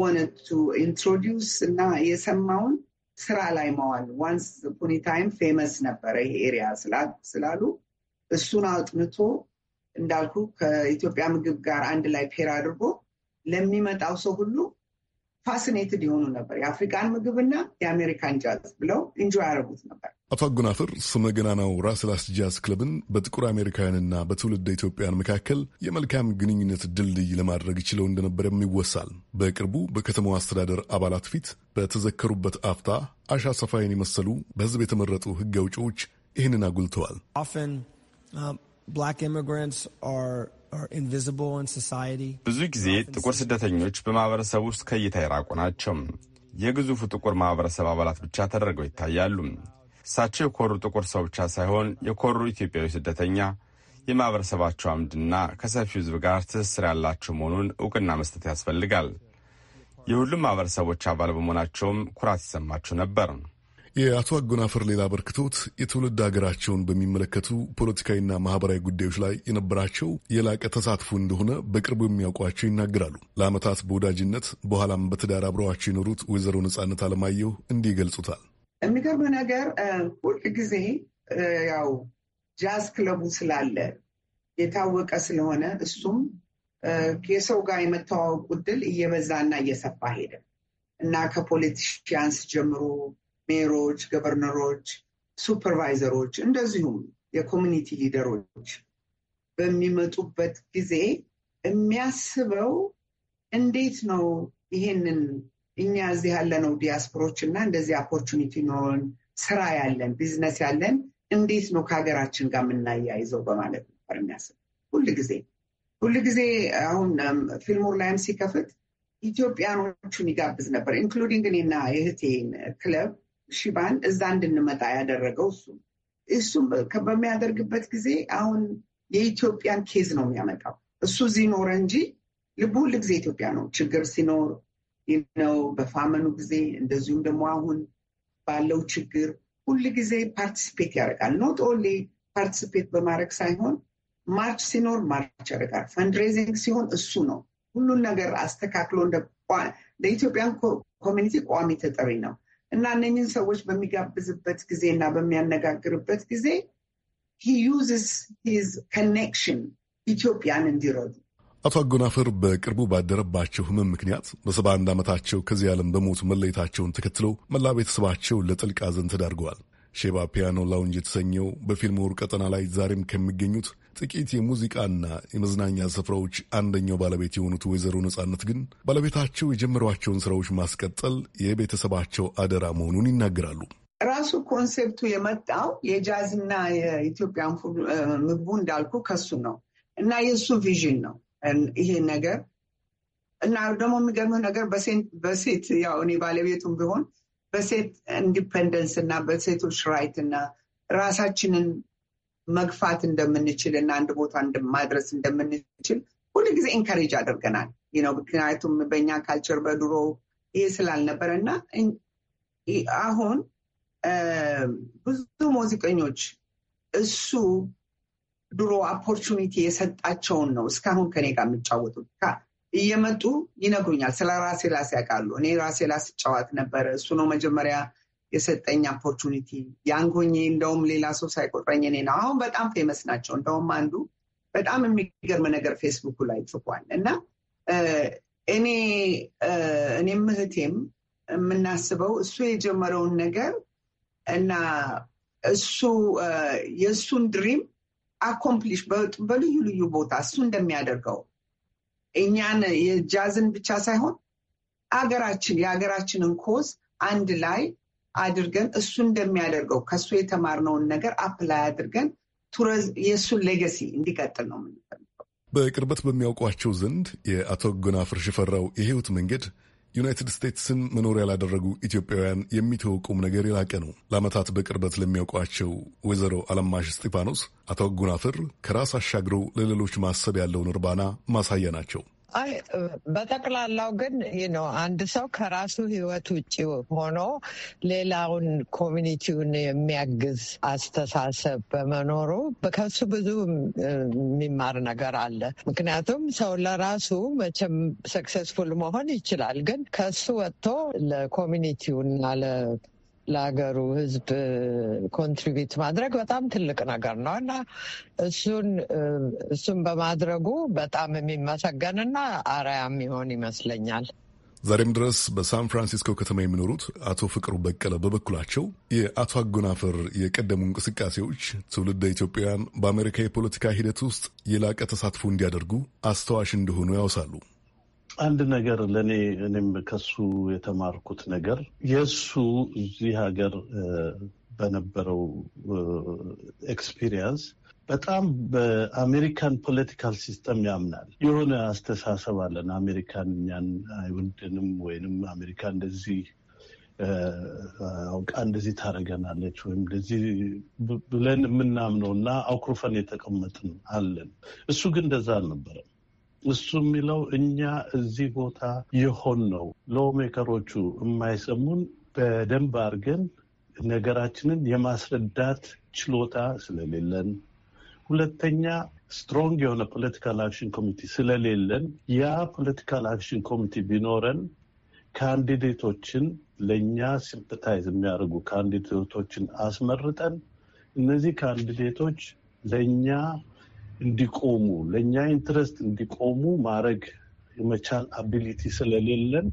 ወነቱ ኢንትሮዲውስ እና የሰማውን ስራ ላይ መዋል ዋንስ ፖኒ ታይም ፌመስ ነበረ ይሄ ኤሪያ ስላሉ እሱን አጥንቶ እንዳልኩ ከኢትዮጵያ ምግብ ጋር አንድ ላይ ፔር አድርጎ ለሚመጣው ሰው ሁሉ ፋሲኔትድ የሆኑ ነበር። የአፍሪካን ምግብና የአሜሪካን ጃዝ ብለው እንጆ ያደረጉት ነበር። አቶ አጎናፍር ስመገናናው ራስላስ ጃዝ ክለብን በጥቁር አሜሪካውያንና በትውልድ ኢትዮጵያን መካከል የመልካም ግንኙነት ድልድይ ለማድረግ ችለው እንደነበረም ይወሳል። በቅርቡ በከተማው አስተዳደር አባላት ፊት በተዘከሩበት አፍታ አሻ ሰፋይን የመሰሉ በሕዝብ የተመረጡ ሕግ አውጪዎች ይህንን አጉልተዋል። uh, ብዙ ጊዜ ጥቁር ስደተኞች በማህበረሰብ ውስጥ ከእይታ የራቁ ናቸው። የግዙፉ ጥቁር ማህበረሰብ አባላት ብቻ ተደርገው ይታያሉ። እሳቸው የኮሩ ጥቁር ሰው ብቻ ሳይሆን የኮሩ ኢትዮጵያዊ ስደተኛ፣ የማህበረሰባቸው አምድና ከሰፊው ህዝብ ጋር ትስስር ያላቸው መሆኑን እውቅና መስጠት ያስፈልጋል። የሁሉም ማህበረሰቦች አባል በመሆናቸውም ኩራት ይሰማቸው ነበር። የአቶ አጎናፍር ሌላ አበርክቶት የትውልድ ሀገራቸውን በሚመለከቱ ፖለቲካዊና ማህበራዊ ጉዳዮች ላይ የነበራቸው የላቀ ተሳትፎ እንደሆነ በቅርቡ የሚያውቋቸው ይናገራሉ። ለአመታት በወዳጅነት በኋላም በትዳር አብረዋቸው የኖሩት ወይዘሮ ነጻነት አለማየሁ እንዲህ ይገልጹታል። የሚገርም ነገር ሁል ጊዜ ያው ጃዝ ክለቡ ስላለ የታወቀ ስለሆነ እሱም የሰው ጋር የመተዋወቁ ዕድል እየበዛና እየሰፋ ሄደ እና ከፖለቲሽያንስ ጀምሮ ሜሮች፣ ገቨርነሮች፣ ሱፐርቫይዘሮች እንደዚሁም የኮሚኒቲ ሊደሮች በሚመጡበት ጊዜ የሚያስበው እንዴት ነው ይሄንን እኛ እዚህ ያለነው ዲያስፖሮች እና እንደዚህ ኦፖርቹኒቲ ኖሮን ስራ ያለን ቢዝነስ ያለን እንዴት ነው ከሀገራችን ጋር የምናያይዘው በማለት ነበር የሚያስብ ሁል ጊዜ ሁል ጊዜ አሁን ፊልሙር ላይም ሲከፍት ኢትዮጵያኖቹን ይጋብዝ ነበር ኢንክሉዲንግ እኔና የእህቴን ክለብ ሽባን እዛ እንድንመጣ ያደረገው እሱ እሱም በሚያደርግበት ጊዜ አሁን የኢትዮጵያን ኬዝ ነው የሚያመጣው። እሱ እዚህ ኖረ እንጂ ልቡ ሁል ጊዜ ኢትዮጵያ ነው። ችግር ሲኖር ነው በፋመኑ ጊዜ እንደዚሁም ደግሞ አሁን ባለው ችግር ሁል ጊዜ ፓርቲስፔት ያደርጋል። ኖት ኦንሊ በማድረግ ሳይሆን ማርች ሲኖር ማርች ያደርጋል። ፈንድሬዚንግ ሲሆን እሱ ነው ሁሉን ነገር አስተካክሎ እንደ ኮሚኒቲ ቋሚ ተጠሪ ነው። እና እነኝን ሰዎች በሚጋብዝበት ጊዜ እና በሚያነጋግርበት ጊዜ ዩዝስ ሂዝ ኮኔክሽን ኢትዮጵያን እንዲረዱ አቶ አጎናፈር በቅርቡ ባደረባቸው ሕመም ምክንያት በሰባ አንድ ዓመታቸው ከዚህ ዓለም በሞት መለየታቸውን ተከትለው መላ ቤተሰባቸው ለጥልቅ ሐዘን ተዳርገዋል። ሼባ ፒያኖ ላውንጅ የተሰኘው በፊልም ወር ቀጠና ላይ ዛሬም ከሚገኙት ጥቂት የሙዚቃና የመዝናኛ ስፍራዎች አንደኛው ባለቤት የሆኑት ወይዘሮ ነጻነት ግን ባለቤታቸው የጀመሯቸውን ስራዎች ማስቀጠል የቤተሰባቸው አደራ መሆኑን ይናገራሉ። ራሱ ኮንሴፕቱ የመጣው የጃዝና የኢትዮጵያ ምግቡ እንዳልኩ ከሱ ነው እና የእሱ ቪዥን ነው ይሄ ነገር እና ደግሞ የሚገርመው ነገር በሴት ያው እኔ ባለቤቱም ቢሆን በሴት ኢንዲፐንደንስ እና በሴቶች ራይት እና ራሳችንን መግፋት እንደምንችል እና አንድ ቦታ እንደማድረስ እንደምንችል ሁሉ ጊዜ ኢንካሬጅ አድርገናል ነው። ምክንያቱም በእኛ ካልቸር በድሮ ይህ ስላልነበረ እና አሁን ብዙ ሙዚቀኞች እሱ ድሮ ኦፖርቹኒቲ የሰጣቸውን ነው እስካሁን ከኔ ጋር የሚጫወቱት እየመጡ ይነግሩኛል። ስለ ራሴ ላስ ያውቃሉ። እኔ ራሴ ላስ ጫዋት ነበር። እሱ ነው መጀመሪያ የሰጠኝ ኦፖርቹኒቲ። ያንጎኝ እንደውም ሌላ ሰው ሳይቆጥረኝ እኔ ነው። አሁን በጣም ፌመስ ናቸው። እንደውም አንዱ በጣም የሚገርም ነገር ፌስቡኩ ላይ ጽፏል እና እኔ እኔም እህቴም የምናስበው እሱ የጀመረውን ነገር እና እሱ የእሱን ድሪም አኮምፕሊሽ በልዩ ልዩ ቦታ እሱ እንደሚያደርገው እኛን የጃዝን ብቻ ሳይሆን አገራችን የሀገራችንን ኮዝ አንድ ላይ አድርገን እሱ እንደሚያደርገው ከሱ የተማርነውን ነገር አፕ ላይ አድርገን ቱረዝ የእሱን ሌገሲ እንዲቀጥል ነው የምንፈልገው። በቅርበት በሚያውቋቸው ዘንድ የአቶ ጎናፍር ሽፈራው የህይወት መንገድ ዩናይትድ ስቴትስን መኖሪያ ላደረጉ ኢትዮጵያውያን የሚተወው ቁም ነገር የላቀ ነው። ለዓመታት በቅርበት ለሚያውቋቸው ወይዘሮ አለማሽ እስጢፋኖስ አቶ አጎናፍር ከራስ አሻግረው ለሌሎች ማሰብ ያለውን እርባና ማሳያ ናቸው። አይ በጠቅላላው ግን ነው አንድ ሰው ከራሱ ህይወት ውጭ ሆኖ ሌላውን ኮሚኒቲውን የሚያግዝ አስተሳሰብ በመኖሩ ከሱ ብዙ የሚማር ነገር አለ። ምክንያቱም ሰው ለራሱ መቼም ሰክሰስፉል መሆን ይችላል፣ ግን ከሱ ወጥቶ ለኮሚኒቲውና ለሀገሩ ህዝብ ኮንትሪቢዩት ማድረግ በጣም ትልቅ ነገር ነው እና እሱን እሱን በማድረጉ በጣም የሚመሰገንና አርአያ የሚሆን ይመስለኛል። ዛሬም ድረስ በሳን ፍራንሲስኮ ከተማ የሚኖሩት አቶ ፍቅሩ በቀለ በበኩላቸው የአቶ አጎናፈር የቀደሙ እንቅስቃሴዎች ትውልደ ኢትዮጵያውያን በአሜሪካ የፖለቲካ ሂደት ውስጥ የላቀ ተሳትፎ እንዲያደርጉ አስተዋሽ እንደሆኑ ያውሳሉ። አንድ ነገር ለእኔ እኔም ከሱ የተማርኩት ነገር የእሱ እዚህ ሀገር በነበረው ኤክስፒሪየንስ በጣም በአሜሪካን ፖለቲካል ሲስተም ያምናል። የሆነ አስተሳሰብ አለን። አሜሪካን እኛን አይወደንም ወይንም አሜሪካ እንደዚህ አውቃ እንደዚህ ታደርገናለች ወይም እንደዚህ ብለን የምናምነው እና አኩርፈን የተቀመጥን አለን። እሱ ግን እንደዛ አልነበረም። እሱ የሚለው እኛ እዚህ ቦታ የሆን ነው ሎሜከሮቹ የማይሰሙን በደንብ አድርገን ነገራችንን የማስረዳት ችሎታ ስለሌለን፣ ሁለተኛ ስትሮንግ የሆነ ፖለቲካል አክሽን ኮሚቴ ስለሌለን፣ ያ ፖለቲካል አክሽን ኮሚቴ ቢኖረን ካንዲዴቶችን ለእኛ ሲምፐታይዝ የሚያደርጉ ካንዲዴቶችን አስመርጠን እነዚህ ካንዲዴቶች ለእኛ እንዲቆሙ ለእኛ ኢንትረስት እንዲቆሙ ማድረግ የመቻል አቢሊቲ ስለሌለን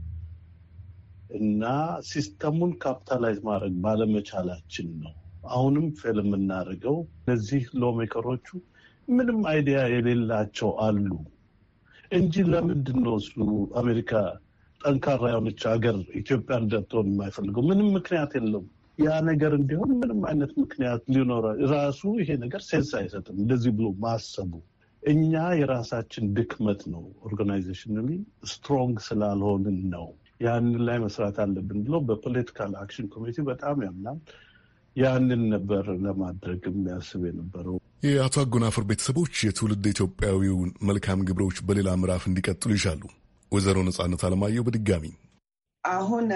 እና ሲስተሙን ካፒታላይዝ ማድረግ ባለመቻላችን ነው አሁንም ፌል የምናደርገው። እነዚህ ሎሜከሮቹ ምንም አይዲያ የሌላቸው አሉ እንጂ ለምንድን ነው እሱ አሜሪካ ጠንካራ የሆነች ሀገር ኢትዮጵያ እንደትሆን የማይፈልገው? ምንም ምክንያት የለውም። ያ ነገር እንዲሆን ምንም አይነት ምክንያት ሊኖረ ራሱ ይሄ ነገር ሴንስ አይሰጥም። እንደዚህ ብሎ ማሰቡ እኛ የራሳችን ድክመት ነው። ኦርጋናይዜሽናሊ ስትሮንግ ስላልሆንን ነው። ያንን ላይ መስራት አለብን ብሎ በፖለቲካል አክሽን ኮሚቴ በጣም ያምናል። ያንን ነበር ለማድረግ የሚያስብ የነበረው። የአቶ አጎናፍር ቤተሰቦች የትውልድ ኢትዮጵያዊውን መልካም ግብሮች በሌላ ምዕራፍ እንዲቀጥሉ ይሻሉ። ወይዘሮ ነጻነት አለማየሁ በድጋሚ አሁን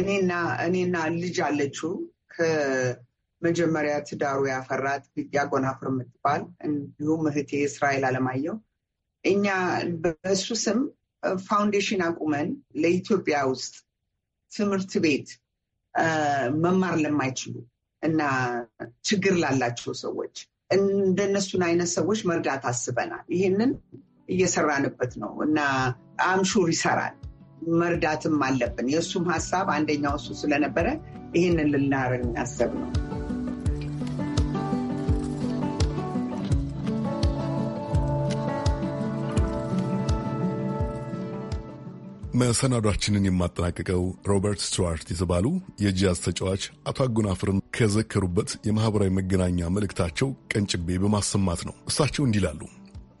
እኔና እኔና ልጅ አለችው ከመጀመሪያ ትዳሩ ያፈራት ያጎናፍር የምትባል እንዲሁም እህቴ እስራኤል አለማየሁ እኛ በሱ ስም ፋውንዴሽን አቁመን ለኢትዮጵያ ውስጥ ትምህርት ቤት መማር ለማይችሉ እና ችግር ላላቸው ሰዎች እንደነሱን አይነት ሰዎች መርዳት አስበናል። ይህንን እየሰራንበት ነው እና አምሹር ይሰራል። መርዳትም አለብን። የእሱም ሀሳብ አንደኛው እሱ ስለነበረ ይህንን ልናረግ ያሰብ ነው። መሰናዷችንን የማጠናቀቀው ሮበርት ስቱዋርት የተባሉ የጃዝ ተጫዋች አቶ አጎናፍርን ከዘከሩበት የማኅበራዊ መገናኛ መልእክታቸው ቀንጭቤ በማሰማት ነው። እሳቸው እንዲህ ይላሉ።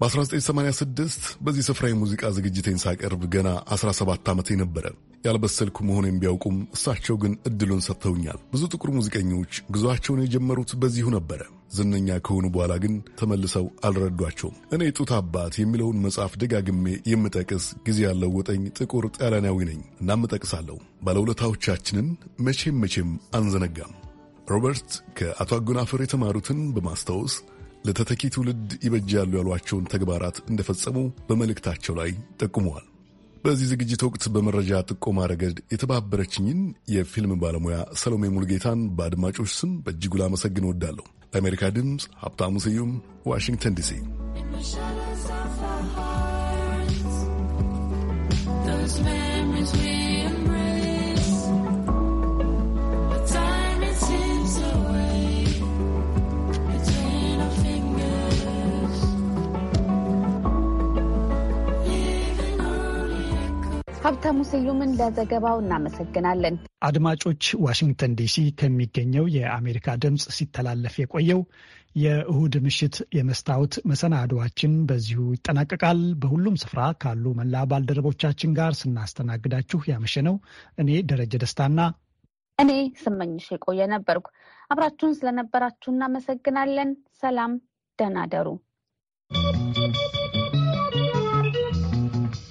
በ1986 በዚህ ስፍራ የሙዚቃ ዝግጅቴን ሳቀርብ ገና 17 ዓመቴ ነበረ። ያልበሰልኩ መሆኔን ቢያውቁም እሳቸው ግን እድሉን ሰጥተውኛል። ብዙ ጥቁር ሙዚቀኞች ጉዞአቸውን የጀመሩት በዚሁ ነበረ። ዝነኛ ከሆኑ በኋላ ግን ተመልሰው አልረዷቸውም። እኔ ጡት አባት የሚለውን መጽሐፍ ደጋግሜ የምጠቅስ ጊዜ ያለው ወጠኝ ጥቁር ጣሊያናዊ ነኝ። እናም እጠቅሳለሁ። ባለውለታዎቻችንን መቼም መቼም አንዘነጋም። ሮበርት ከአቶ አጎናፍር የተማሩትን በማስታወስ ለተተኪ ትውልድ ይበጃሉ ያሏቸውን ተግባራት እንደፈጸሙ በመልእክታቸው ላይ ጠቁመዋል። በዚህ ዝግጅት ወቅት በመረጃ ጥቆማ ረገድ የተባበረችኝን የፊልም ባለሙያ ሰሎሜ ሙልጌታን በአድማጮች ስም በእጅጉ ላመሰግን ወዳለሁ። ለአሜሪካ ድምፅ ሀብታሙ ስዩም ዋሽንግተን ዲሲ። Those memories we ሀብታሙ ስዩምን ለዘገባው እናመሰግናለን። አድማጮች፣ ዋሽንግተን ዲሲ ከሚገኘው የአሜሪካ ድምፅ ሲተላለፍ የቆየው የእሁድ ምሽት የመስታወት መሰናዶዋችን በዚሁ ይጠናቀቃል። በሁሉም ስፍራ ካሉ መላ ባልደረቦቻችን ጋር ስናስተናግዳችሁ ያመሸ ነው። እኔ ደረጀ ደስታና እኔ ስመኝሽ የቆየ ነበርኩ። አብራችሁን ስለነበራችሁ እናመሰግናለን። ሰላም፣ ደህና ደሩ።